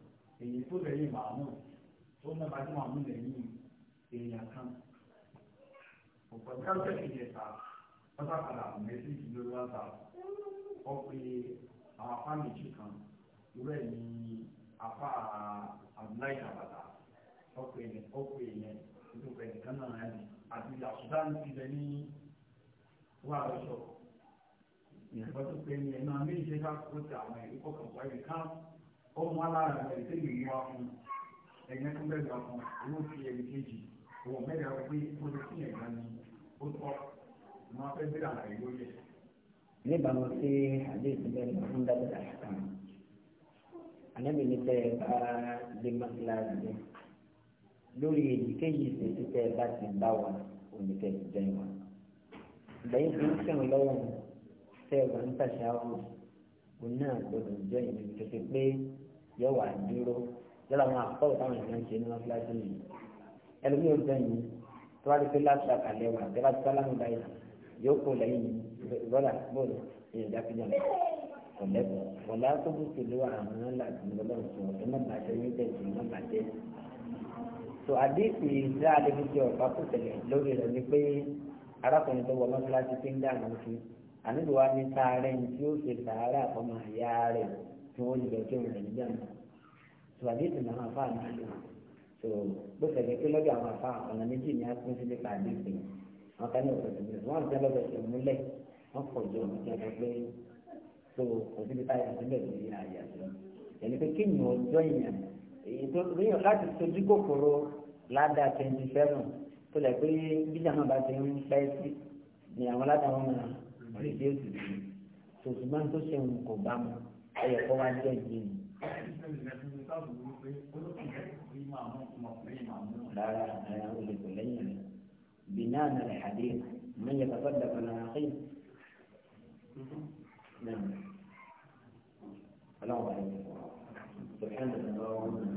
èyí tó lẹ́yìn màmú tó náà bá tó màmú lẹ́yìn èèyàn kan ọ̀pọ̀ káńtẹ́ ìjẹta pátá padà mẹ́sìlì lórí wáta ọ àwọn afá méjì kan irú ẹ̀ ní afá abdullahi abata ọ pé èèyàn ìdúpẹ́ nìkan náà ẹni àti àṣùdá ti lẹ ní wàhálà ìyàtọ̀ tó pé ní ẹ̀nà méjì ká kó ti àwọn ẹ̀rí kọ̀ọ̀kan wáyé káàkiri ó mú alára rẹ̀ tẹ́lẹ̀ yìí wá fún ẹ̀yìn tó bẹ̀rẹ̀ wá fún owó fi ẹni kejì owó mẹ́rin àwọn pé ó lè fún ẹ̀gbọ́n ni ó tọ́ ni wọ́n fẹ́ bẹ̀rẹ̀ àlàyé lórí ẹ̀. níbàámu sí àdéhùn bẹ́ẹ̀ fún dábàdà kan ànábì ní bẹ́ẹ̀ bá dé mọ́síláàsì lórí èyíkéyìí ìṣèṣì tẹ́ ẹ bá ti bá wa oníkẹ́ ti wa. lẹ́yìn tó ń sẹ́wọ̀n lọ́wọ́ tẹ́ ń tàṣà ọ̀hún òun náà gbọ́dọ̀ jẹ́ ìrìn pé yóò wà dúró yọ̀rọ̀ àwọn àkọ́wé táwọn èèyàn ń ṣe ní wọn fúláṣí nìyí ẹlòmí ò dán yìí tó wá di pé láṣà kalẹ̀ wà tẹ́lá ti sálámù báyìí yóò kó lẹ́yìn bọ́lá bọ́ọ̀lù èèyàn jákèjá ọ̀lẹ́kọ̀ọ́ ọ̀lá tó bú tìlú àwọn aláàbìnrin sọ ẹ má bàjẹ́ ní tẹ̀sí má bàjẹ́. tó àdéhùn ìdá adébíjẹ ọ̀pá kò tẹ̀lé lórí rẹ̀ ni pé arákùnrin tó wọ mọ́tíláṣí ti tí wọ́n lè jẹ́ ìrìn nígbà náà tùwàdí ìtàn àwọn afá náà lò tó ni a pín sí nípa àdéhùn àwọn kan ní òkòtò mi wọ́n tẹ́ lọ́dọ̀ tó múlẹ̀ wọ́n pọ̀ jù ọ̀nà tó pé tó ni ọjọ́ ìyàn èyí tó ríyàn láti sojú kòkòrò ládàá twenty seven tó lẹ̀ pé bíjà náà bá ti ń pẹ́ sí ni àwọn ayọ̀ kọ́ wá jẹ́ ìdí mi. rárá ara olè kò lẹ́yìn rẹ̀ bìnnà nàlẹ́ àdé mẹ́yẹ bàbá dàgbà náà kí ọlọ́run bá yẹ kó sọ̀rọ̀ sọ̀rọ̀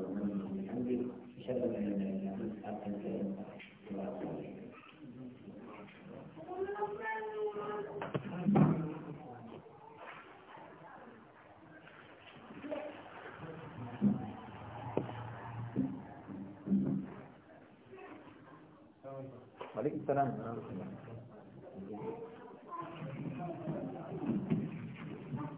Waalaikumsalam.